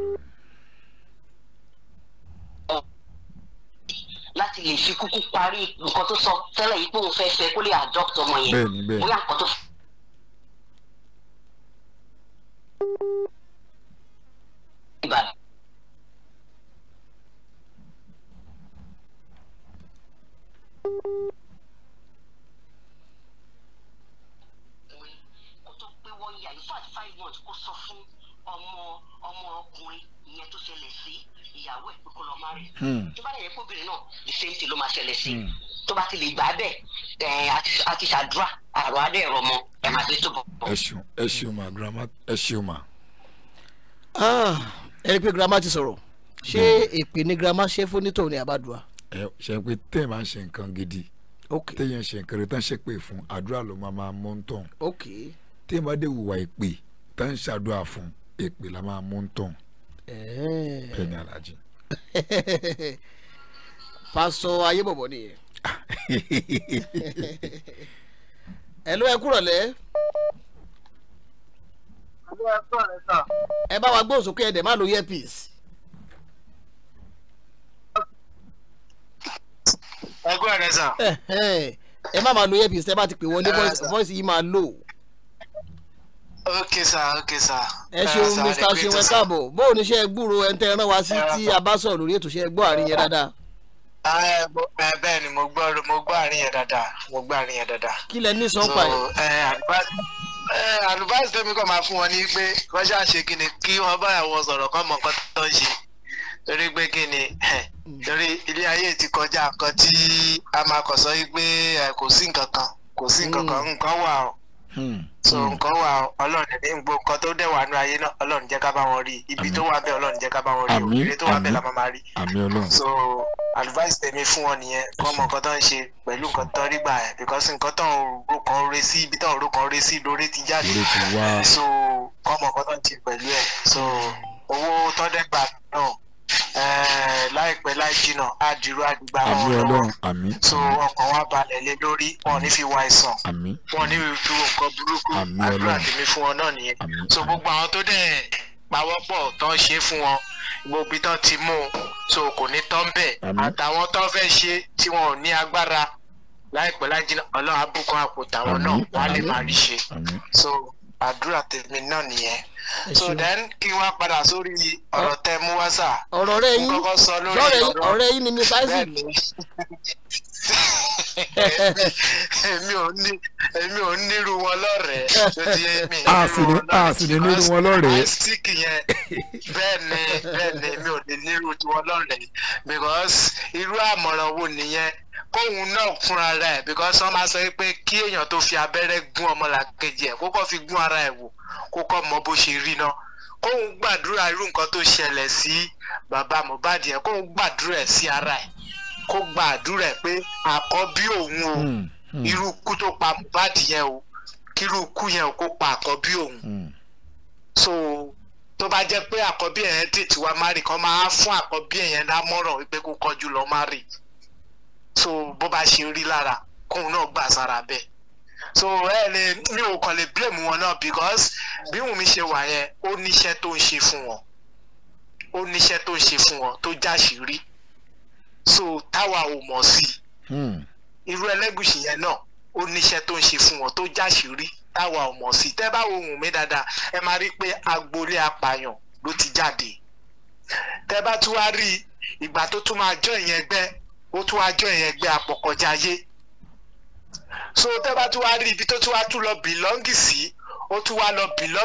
láti lè fi kúkú parí nǹkan tó sọ tẹ́lẹ̀ yìí pé òun fẹ́ fẹ́ kó lè adopt ọmọ yẹn bóyá nǹkan tó. kó tó pé wọ́n yà in fact five months kó sọ fún ọmọ ọkùnrin ìyẹn tó ṣẹlẹ̀ sí ìyàwó ẹ̀ kó lọ má rí hmm. tó bá yẹ kóbìnrin náà the same thing ló máa ṣẹlẹ̀ sí hmm. tó bá ti lè gbà bẹ́ẹ̀ àti eh, ṣàdúrà àrò adé ẹ̀rọ mọ ẹ̀ máa gbé tó bọ̀. ẹ ṣeun ẹ ṣeun ma grandma ẹ ṣeun ma. Ah, ẹ rí i pé grandma ti sọ̀rọ̀ ṣé hmm. èpè ni grandma ṣe fún nítòun ní àbádùá. ẹ ṣe pé tẹ́ ẹ máa ń ṣe nǹkan gidi téèyàn ṣe nǹkan rẹ tán ṣe pé fún àdúrà ló máa máa mú tán téèyàn bá dé wùwà èpè tán ṣàdúrà fún èpè la máa mú tán bẹ́ẹ̀ ni alájí. pásọ ayébọ̀bọ nìyẹn. ẹ ló ẹ kúrọ̀ lẹ́. ẹ bá wa gbóhùn sókè ẹ dẹ̀ má lo earpiece. ẹ gbọ́ ẹ̀rẹ́ sà. ẹ má máa lo earpiece ẹ bá ti pè wọlé voice yìí máa lò. ókè sà ókè sà. ẹ ṣeun mr ṣeun ẹ káàbọ̀ bóò ní ṣe gbúrò ẹ ń tẹ rán wa sí tí a bá sọ̀rọ̀ lórí ètò ṣe gbọ́ àárín yẹn dáadáa. Ah, ẹ bẹ́ẹ̀ ni mo gbọ́ mo àárín yẹn dáadáa mo gbọ́ àárín yẹn dáadáa. kí lẹ ní sọ́pà yìí. advice tẹ́mi kàn máa fún wọn ní pé wọ́n ṣáà ṣe kí ni kí wọ́n bá àwọn sọ̀rọ̀ tó ń ṣe torí mm. ti kọjá nǹkan tí a máa kọ̀ yìí pé kò Hmm. so hmm. nǹkan wa ọlọ́run ẹ̀mí ń gbó nǹkan tó dẹ̀ wà ní ayé náà ọlọ́run jẹ́ ká bá wọn rí ibi tó wà bẹ́ẹ̀ ọlọ́run jẹ́ ká bá wọn rí òkèlè tó wà bẹ́ẹ̀ la máa rí so advice tèmi fún wọn nìyẹn kọ́ mọ nǹkan tó ń ṣe pẹ̀lú nǹkan tó rí gbà ẹ̀ because nǹkan tó ń ro kan re sí ibi tó ń ro kan re sí lórí ti jáde so kọ́ mọ nǹkan tó ń ṣe pẹ̀lú ẹ̀ so owó tó dẹ̀ gbà náà Eh, láìpẹ́ láì jìnnà á dirú àgbà wọn so ọkàn wa balẹ̀ lé lórí wọn ní fi wá ẹ̀sán wọn ní fi nǹkan burúkú àdúrà tèmi fún wọn náà nìyẹn so gbogbo àwọn tó dẹ̀ pawọ́pọ̀ tán ṣe fún wọn gbogbo tán ti mú un so kò ní tán bẹ́ẹ̀ àtàwọn tán fẹ́ ṣe tí wọn ò ní agbára láìpẹ́ láì jìnnà ọlọ́run abúkan àpò tàwọn náà wọ́n á lè máa rí ṣe so àdúrà tèmi náà nìyẹn so then kí wọ́n padà sórí ọ̀rọ̀ tẹ mú wá sà. ọ̀rọ̀ rẹ yín ọ̀rẹ́ yín ni mi sáyẹ́sì. èmi ò ní èmi ò nírú wọn lọ́rẹ̀ẹ́ tó ti yé mi. a sì ní a sì ní nírú wọn lọ́rẹ̀ẹ́. àìsíkì yẹn bẹ́ẹ̀ ni bẹ́ẹ̀ ni èmi ò ní nírú wọn lọ́rẹ̀ẹ́ because irú àmọ̀ràn wo nìyẹn kóun náà fúnra rẹ̀ because wọ́n máa sọ pé kí èèyàn tó fi abẹ́rẹ́ gún ọmọlàkejì ẹ̀ kó kọ́ fi gún ara ẹ̀ wò kó kọ́ mọ bó ṣe rí náà kóun gbàdúrà irú nǹkan tó ṣẹlẹ̀ sí bàbá Mohbad yẹn kóun gbàdúrà ẹ̀ sí ara ẹ̀ kó gbàdúrà ẹ̀ pé àkọ́bí òun o hmm, hmm. irú ikú tó pa Mohbad yẹn o kírú ikú yẹn o kó pa àkọ́bí òun hmm. so tó bá jẹ́ pé àkọ́bí yẹn tètè wá má rí kan máa fún àkọ́bí yẹn lámọ̀ràn pé kó kọjú lọ má rí i so bó bá ṣe rí lára kóun náà gbà sára bẹ́ẹ̀ so ẹ lè mi ò kàn lè blame wọn náà because bí Wùnmí ṣe wà yẹn ó níṣẹ́ tó ń ṣe fún wọn ó níṣẹ́ tó ń ṣe fún wọn tó jáṣìírí so táwa ò mọ̀ sí i hmm. irú Ẹlẹ́gùṣì yẹn náà ó níṣẹ́ tó ń ṣe fún wọn tó jáṣìírí táwa ò mọ̀ sí i tẹ́ bá wo Wùnmí dáadáa ẹ máa rí i pé agboolé apààyàn ló ti jáde tẹ́ bá tún wá rí ìgbà tó tún máa jọ ìyẹn gbẹ́ ó tún wá jọ ìyẹn gbé àpọ̀ so tẹ́ bá tún wá rí ibi tó tún wá tún lọ bìlọ́ǹgì sí ó tún wá lọ bìlọ́ǹgì.